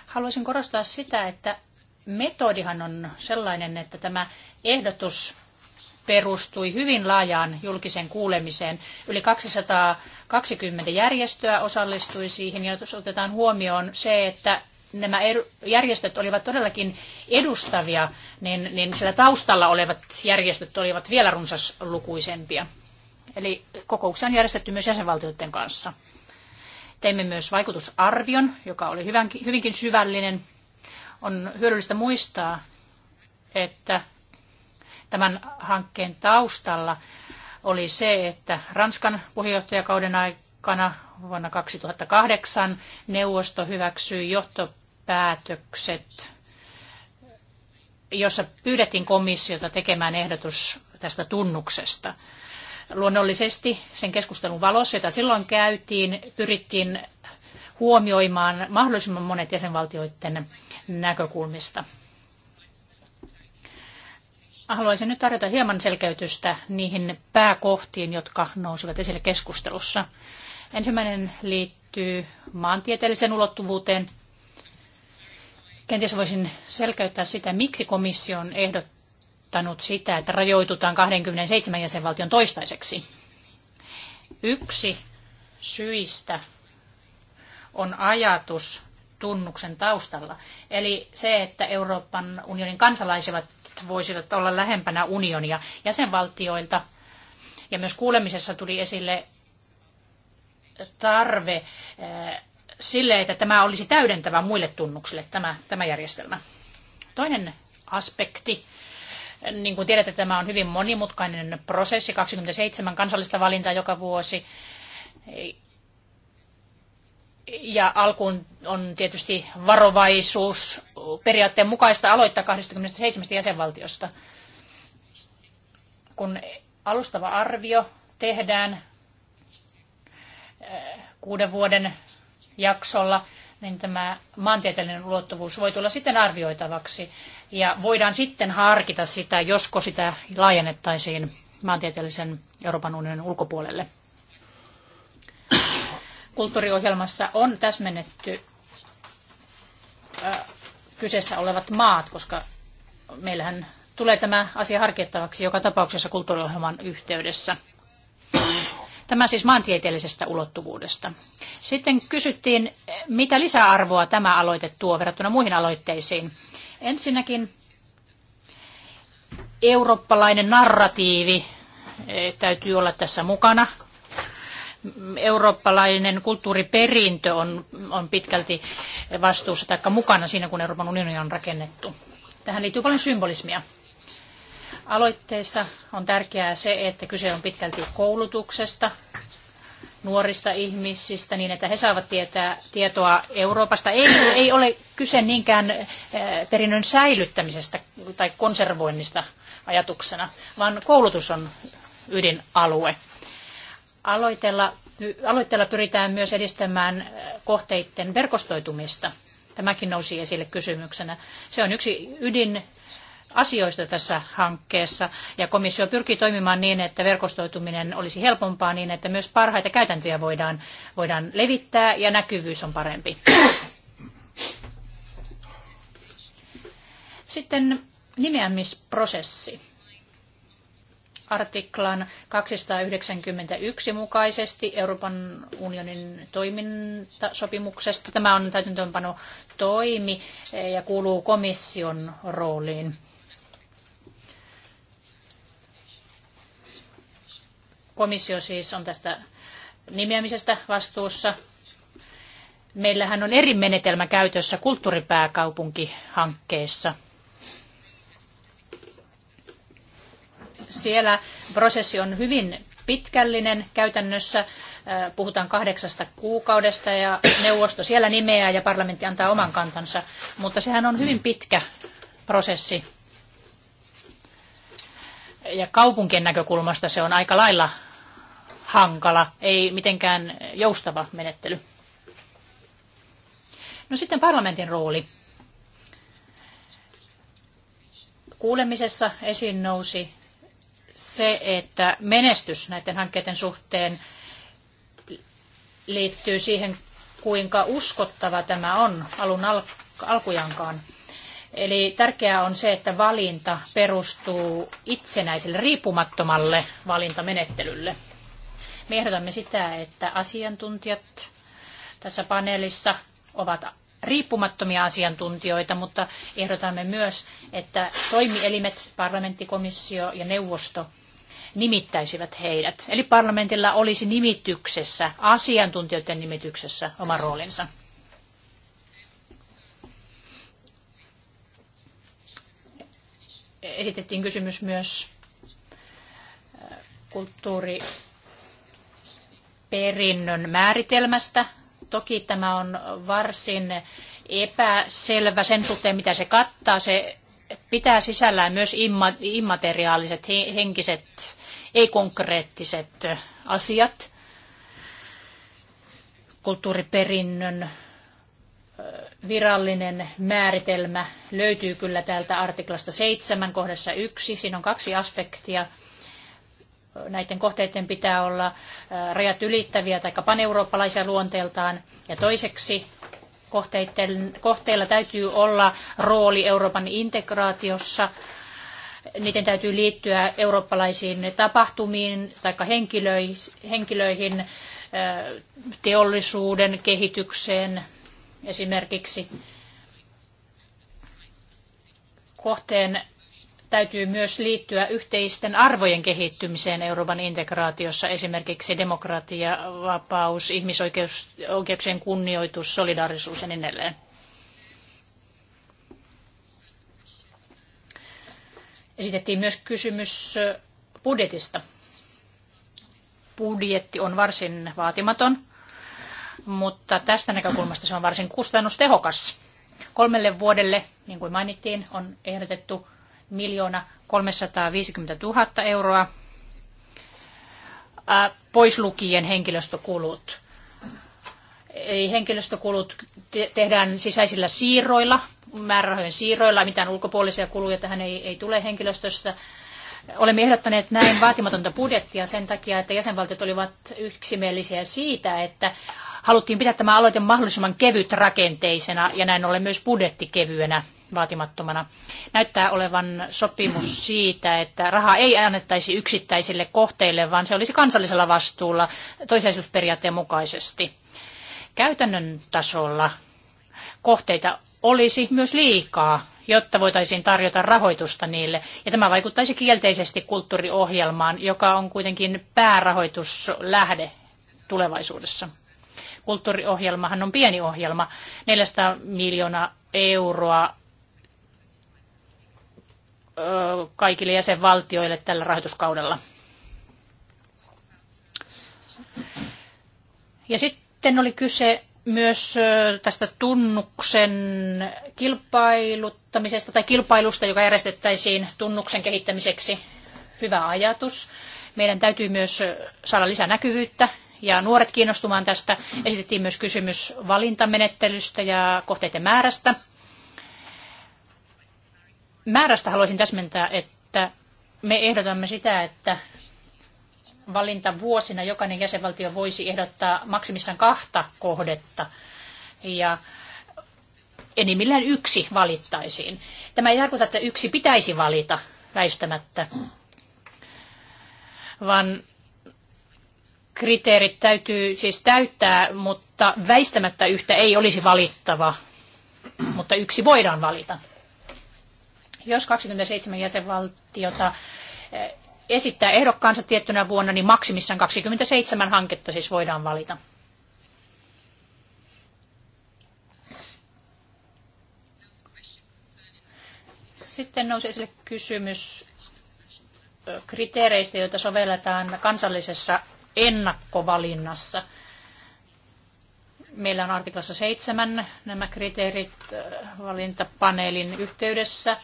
C: Haluaisin korostaa sitä, että metodihan on sellainen, että tämä ehdotus perustui hyvin laajaan julkiseen kuulemiseen. Yli 220 järjestöä osallistui siihen ja jos otetaan huomioon se, että nämä järjestöt olivat todellakin edustavia, niin, niin sillä taustalla olevat järjestöt olivat vielä runsaslukuisempia. Eli kokouksia on järjestetty myös jäsenvaltioiden kanssa. Teimme myös vaikutusarvion, joka oli hyvinkin syvällinen. On hyödyllistä muistaa, että tämän hankkeen taustalla oli se, että Ranskan puheenjohtajakauden aikana mukana. Vuonna 2008 neuvosto hyväksyi johtopäätökset, jossa pyydettiin komissiota tekemään ehdotus tästä tunnuksesta. Luonnollisesti sen keskustelun valossa, jota silloin käytiin, pyrittiin huomioimaan mahdollisimman monet jäsenvaltioiden näkökulmista. Haluaisin nyt tarjota hieman selkeytystä niihin pääkohtiin, jotka nousivat esille keskustelussa. Ensimmäinen liittyy maantieteelliseen ulottuvuuteen. Kenties voisin selkeyttää sitä, miksi komissio on ehdottanut sitä, että rajoitutaan 27 jäsenvaltion toistaiseksi. Yksi syistä on ajatus tunnuksen taustalla. Eli se, että Euroopan unionin kansalaiset voisivat olla lähempänä unionia jäsenvaltioilta. Ja myös kuulemisessa tuli esille tarve eh, sille, että tämä olisi täydentävä muille tunnuksille, tämä, tämä järjestelmä. Toinen aspekti, niin kuin tiedätte, tämä on hyvin monimutkainen prosessi, 27 kansallista valintaa joka vuosi. Ja alkuun on tietysti varovaisuus periaatteen mukaista aloittaa 27 jäsenvaltiosta. Kun alustava arvio tehdään, kuuden vuoden jaksolla, niin tämä maantieteellinen ulottuvuus voi tulla sitten arvioitavaksi. Ja voidaan sitten harkita sitä, josko sitä laajennettaisiin maantieteellisen Euroopan unionin ulkopuolelle. Kulttuuriohjelmassa on täsmennetty äh, kyseessä olevat maat, koska meillähän tulee tämä asia harkittavaksi joka tapauksessa kulttuuriohjelman yhteydessä. Tämä siis maantieteellisestä ulottuvuudesta. Sitten kysyttiin, mitä lisäarvoa tämä aloite tuo verrattuna muihin aloitteisiin. Ensinnäkin eurooppalainen narratiivi eh, täytyy olla tässä mukana. Eurooppalainen kulttuuriperintö on, on pitkälti vastuussa tai mukana siinä, kun Euroopan unioni on rakennettu. Tähän liittyy paljon symbolismia. Aloitteessa on tärkeää se, että kyse on pitkälti koulutuksesta, nuorista ihmisistä niin, että he saavat tietää tietoa Euroopasta. Ei, ei ole kyse niinkään eh, perinnön säilyttämisestä tai konservoinnista ajatuksena, vaan koulutus on ydinalue. Aloitella, aloitteella pyritään myös edistämään eh, kohteiden verkostoitumista. Tämäkin nousi esille kysymyksenä. Se on yksi ydin asioista tässä hankkeessa. Ja komissio pyrkii toimimaan niin, että verkostoituminen olisi helpompaa niin, että myös parhaita käytäntöjä voidaan, voidaan levittää ja näkyvyys on parempi. Sitten nimeämisprosessi. Artiklan 291 mukaisesti Euroopan unionin toimintasopimuksesta. Tämä on täytäntöönpano toimi ja kuuluu komission rooliin. Komissio siis on tästä nimeämisestä vastuussa. Meillähän on eri menetelmä käytössä kulttuuripääkaupunkihankkeessa. Siellä prosessi on hyvin pitkällinen. Käytännössä äh, puhutaan kahdeksasta kuukaudesta ja neuvosto siellä nimeää ja parlamentti antaa oman kantansa. Mutta sehän on hyvin pitkä prosessi. Ja kaupunkien näkökulmasta se on aika lailla hankala, ei mitenkään joustava menettely. No sitten parlamentin rooli. Kuulemisessa esiin nousi se, että menestys näiden hankkeiden suhteen liittyy siihen, kuinka uskottava tämä on alun al- alkujankaan. Eli tärkeää on se, että valinta perustuu itsenäiselle, riippumattomalle valintamenettelylle. Me ehdotamme sitä, että asiantuntijat tässä paneelissa ovat riippumattomia asiantuntijoita, mutta ehdotamme myös, että toimielimet, parlamenttikomissio ja neuvosto nimittäisivät heidät. Eli parlamentilla olisi nimityksessä, asiantuntijoiden nimityksessä oma roolinsa. Esitettiin kysymys myös äh, kulttuuri- perinnön määritelmästä. Toki tämä on varsin epäselvä sen suhteen, mitä se kattaa. Se pitää sisällään myös immateriaaliset, henkiset, ei-konkreettiset asiat. Kulttuuriperinnön virallinen määritelmä löytyy kyllä täältä artiklasta 7 kohdassa 1. Siinä on kaksi aspektia näiden kohteiden pitää olla rajat ylittäviä tai paneurooppalaisia luonteeltaan. Ja toiseksi kohteilla täytyy olla rooli Euroopan integraatiossa. Niiden täytyy liittyä eurooppalaisiin tapahtumiin tai henkilöihin, teollisuuden kehitykseen esimerkiksi. Kohteen täytyy myös liittyä yhteisten arvojen kehittymiseen Euroopan integraatiossa, esimerkiksi demokratia, vapaus, ihmisoikeuksien kunnioitus, solidaarisuus ja niin edelleen. Esitettiin myös kysymys budjetista. Budjetti on varsin vaatimaton, mutta tästä näkökulmasta se on varsin kustannustehokas. Kolmelle vuodelle, niin kuin mainittiin, on ehdotettu miljoona 350 000 euroa, pois lukien henkilöstökulut. Eli henkilöstökulut tehdään sisäisillä siirroilla, määrärahojen siirroilla, mitään ulkopuolisia kuluja tähän ei, ei tule henkilöstöstä. Olemme ehdottaneet näin vaatimatonta budjettia sen takia, että jäsenvaltiot olivat yksimielisiä siitä, että haluttiin pitää tämä aloite mahdollisimman kevyt rakenteisena ja näin ollen myös budjettikevyenä vaatimattomana. Näyttää olevan sopimus siitä, että raha ei annettaisi yksittäisille kohteille, vaan se olisi kansallisella vastuulla toisaisuusperiaatteen mukaisesti. Käytännön tasolla kohteita olisi myös liikaa, jotta voitaisiin tarjota rahoitusta niille. Ja tämä vaikuttaisi kielteisesti kulttuuriohjelmaan, joka on kuitenkin päärahoituslähde tulevaisuudessa. Kulttuuriohjelmahan on pieni ohjelma, 400 miljoonaa euroa kaikille jäsenvaltioille tällä rahoituskaudella. Ja sitten oli kyse myös tästä tunnuksen kilpailuttamisesta tai kilpailusta, joka järjestettäisiin tunnuksen kehittämiseksi. Hyvä ajatus. Meidän täytyy myös saada lisää näkyvyyttä ja nuoret kiinnostumaan tästä. Esitettiin myös kysymys valintamenettelystä ja kohteiden määrästä määrästä haluaisin täsmentää, että me ehdotamme sitä, että valinta vuosina jokainen jäsenvaltio voisi ehdottaa maksimissaan kahta kohdetta ja enimmillään yksi valittaisiin. Tämä ei tarkoita, että yksi pitäisi valita väistämättä, vaan kriteerit täytyy siis täyttää, mutta väistämättä yhtä ei olisi valittava, mutta yksi voidaan valita. Jos 27 jäsenvaltiota eh, esittää ehdokkaansa tiettynä vuonna, niin maksimissaan 27 hanketta siis voidaan valita. Sitten nousi esille kysymys kriteereistä, joita sovelletaan kansallisessa ennakkovalinnassa. Meillä on artiklassa 7 nämä kriteerit valintapaneelin yhteydessä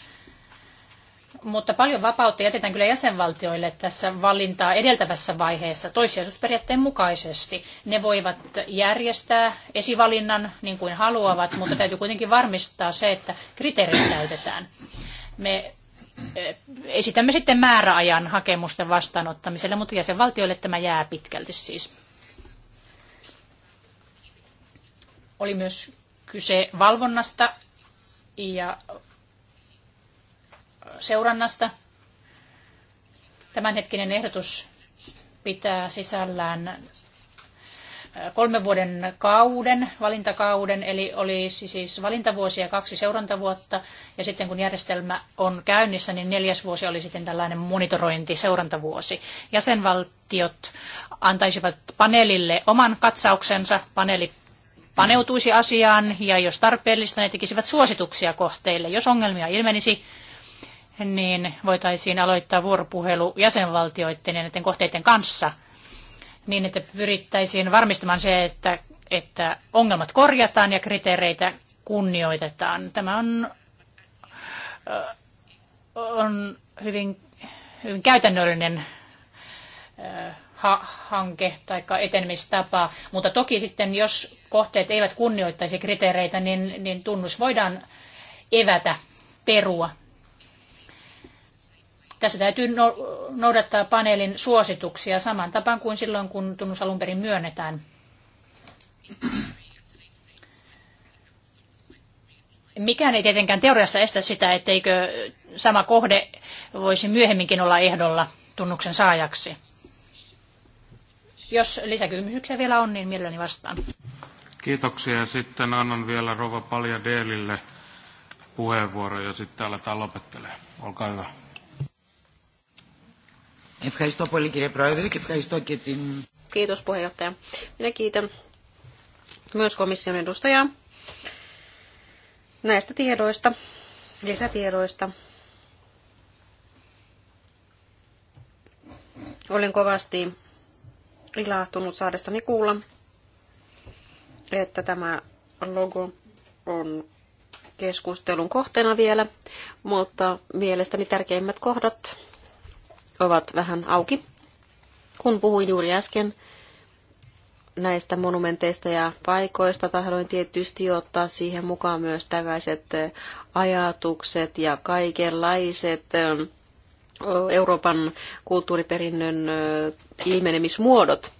C: mutta paljon vapautta jätetään kyllä jäsenvaltioille tässä valintaa edeltävässä vaiheessa toissijaisuusperiaatteen mukaisesti. Ne voivat järjestää esivalinnan niin kuin haluavat, mutta täytyy kuitenkin varmistaa se, että kriteerit täytetään. Me eh, esitämme sitten määräajan hakemusten vastaanottamiselle, mutta jäsenvaltioille tämä jää pitkälti siis. Oli myös kyse valvonnasta ja seurannasta. Tämänhetkinen ehdotus pitää sisällään kolmen vuoden kauden, valintakauden, eli olisi siis valintavuosi ja kaksi seurantavuotta. Ja sitten kun järjestelmä on käynnissä, niin neljäs vuosi oli sitten tällainen monitorointi, seurantavuosi. Jäsenvaltiot antaisivat paneelille oman katsauksensa, paneeli paneutuisi asiaan ja jos tarpeellista, ne tekisivät suosituksia kohteille. Jos ongelmia ilmenisi, niin voitaisiin aloittaa vuoropuhelu jäsenvaltioiden ja näiden kohteiden kanssa niin, että pyrittäisiin varmistamaan se, että, että ongelmat korjataan ja kriteereitä kunnioitetaan. Tämä on, on hyvin, hyvin käytännöllinen ha- hanke tai etenemistapa, mutta toki sitten, jos kohteet eivät kunnioittaisi kriteereitä, niin, niin tunnus voidaan evätä, perua tässä täytyy no, noudattaa paneelin suosituksia saman tapaan kuin silloin, kun tunnus alun perin myönnetään. Mikään ei tietenkään teoriassa estä sitä, etteikö sama kohde voisi myöhemminkin olla ehdolla tunnuksen saajaksi. Jos lisäkysymyksiä vielä on, niin mielelläni vastaan.
A: Kiitoksia. Sitten annan vielä Rova Palja Deelille puheenvuoro ja sitten aletaan lopettelemaan. Olkaa hyvä. Ευχαριστώ πολύ κύριε Πρόεδρε και ευχαριστώ και την...
D: Kiitos puheenjohtaja. Minä kiitän myös komission edustajaa näistä tiedoista, lisätiedoista. Olen kovasti ilahtunut saadessani kuulla, että tämä logo on keskustelun kohteena vielä, mutta mielestäni tärkeimmät kohdat ovat vähän auki. Kun puhuin juuri äsken näistä monumenteista ja paikoista, tahdoin tietysti ottaa siihen mukaan myös tällaiset eh, ajatukset ja kaikenlaiset eh, Euroopan kulttuuriperinnön eh, ilmenemismuodot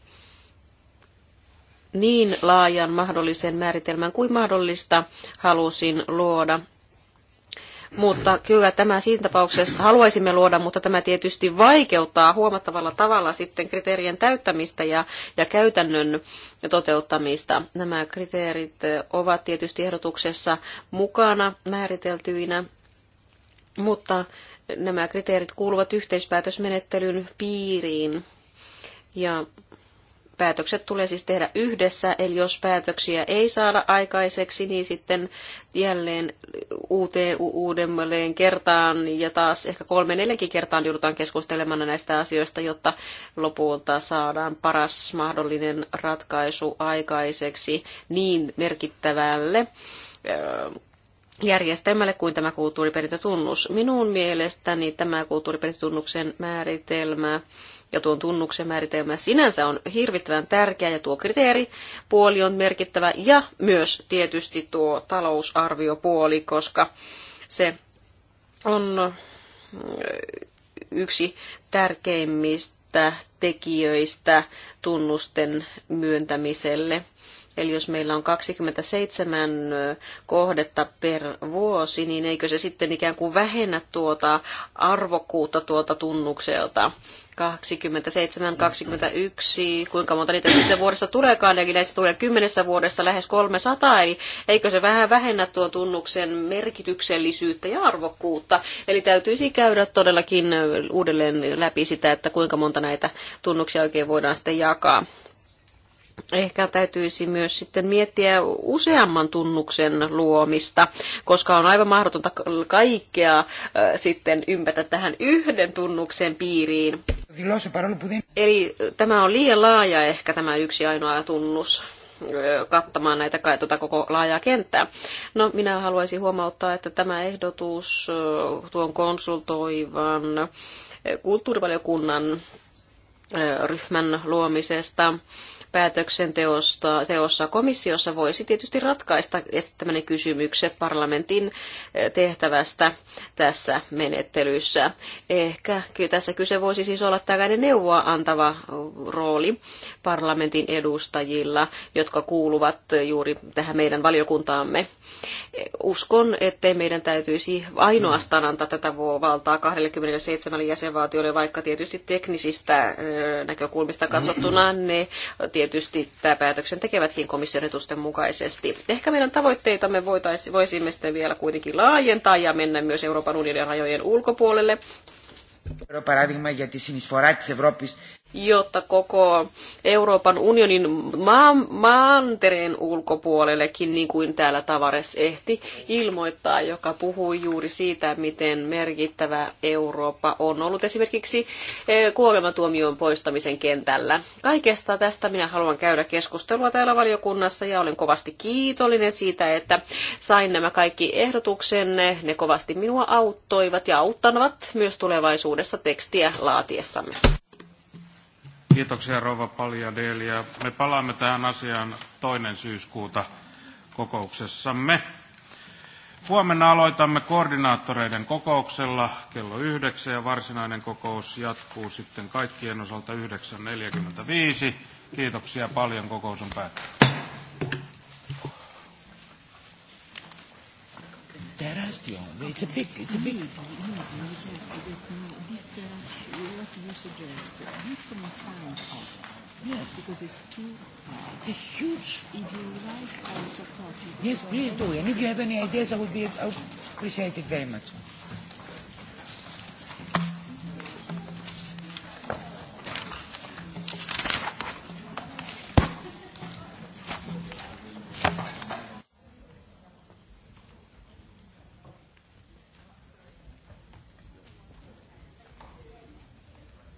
D: niin laajan mahdollisen määritelmän kuin mahdollista halusin luoda mutta kyllä tämä siinä tapauksessa haluaisimme luoda, mutta tämä tietysti vaikeuttaa huomattavalla tavalla sitten kriteerien täyttämistä ja, ja käytännön toteuttamista. Nämä kriteerit ovat tietysti ehdotuksessa mukana määriteltyinä, mutta nämä kriteerit kuuluvat yhteispäätösmenettelyn piiriin. Ja Päätökset tulee siis tehdä yhdessä, eli jos päätöksiä ei saada aikaiseksi, niin sitten jälleen uuteen uudemmalleen kertaan ja taas ehkä kolme neljänkin kertaan joudutaan keskustelemaan näistä asioista, jotta lopulta saadaan paras mahdollinen ratkaisu aikaiseksi niin merkittävälle järjestelmälle kuin tämä kulttuuriperintötunnus. Minun mielestäni tämä kulttuuriperintötunnuksen määritelmä ja tuon tunnuksen määritelmä sinänsä on hirvittävän tärkeä ja tuo kriteeripuoli on merkittävä ja myös tietysti tuo talousarviopuoli, koska se on mm, yksi tärkeimmistä tekijöistä tunnusten myöntämiselle. Eli jos meillä on 27 kohdetta per vuosi, niin eikö se sitten ikään kuin vähennä tuota arvokkuutta tuolta tunnukselta? 27, 21, kuinka monta niitä sitten vuodessa tuleekaan, eli näistä tulee kymmenessä vuodessa lähes 300, eli eikö se vähän vähennä tuon tunnuksen merkityksellisyyttä ja arvokkuutta. Eli täytyisi käydä todellakin uudelleen läpi sitä, että kuinka monta näitä tunnuksia oikein voidaan sitten jakaa. Ehkä täytyisi myös sitten miettiä useamman tunnuksen luomista, koska on aivan mahdotonta kaikkea sitten ympätä tähän yhden tunnuksen piiriin. Eli tämä on liian laaja ehkä tämä yksi ainoa tunnus kattamaan näitä tuota koko laajaa kenttää. No, minä haluaisin huomauttaa, että tämä ehdotus tuon konsultoivan kulttuurivaliokunnan ryhmän luomisesta päätöksenteossa teossa komissiossa voisi tietysti ratkaista esittämäni kysymykset parlamentin eh, tehtävästä tässä menettelyssä. Ehkä tässä kyse voisi siis olla tällainen neuvoa antava rooli parlamentin edustajilla, jotka kuuluvat juuri tähän meidän valiokuntaamme. Uskon, ettei meidän täytyisi ainoastaan antaa tätä valtaa 27 jäsenvaltiolle, vaikka tietysti teknisistä näkökulmista katsottuna ne tietysti tämä päätöksen tekevätkin komission etusten mukaisesti. Ehkä meidän tavoitteitamme voitaisi, voisimme sitten vielä kuitenkin laajentaa ja mennä myös Euroopan unionin rajojen ulkopuolelle.
A: Παράδειγμα για τη συνεισφορά
D: jotta koko Euroopan unionin ma- mantereen ulkopuolellekin, niin kuin täällä Tavares ehti ilmoittaa, joka puhui juuri siitä, miten merkittävä Eurooppa on ollut esimerkiksi eh, kuolematuomion poistamisen kentällä. Kaikesta tästä minä haluan käydä keskustelua täällä valiokunnassa ja olen kovasti kiitollinen siitä, että sain nämä kaikki ehdotuksenne. Ne kovasti minua auttoivat ja auttavat myös tulevaisuudessa tekstiä laatiessamme.
A: Kiitoksia rouva Palja delia. me palaamme tähän asiaan toinen syyskuuta kokouksessamme. Huomenna aloitamme koordinaattoreiden kokouksella kello yhdeksän ja varsinainen kokous jatkuu sitten kaikkien osalta 9.45. Kiitoksia paljon, kokous on päättynyt. τεράστιο. It's a big, it's a big.
D: Yes. Because it's too high. It's
A: a huge. If you like, I support you. Yes, please do. And if you have any ideas, I would be, I would appreciate it very much.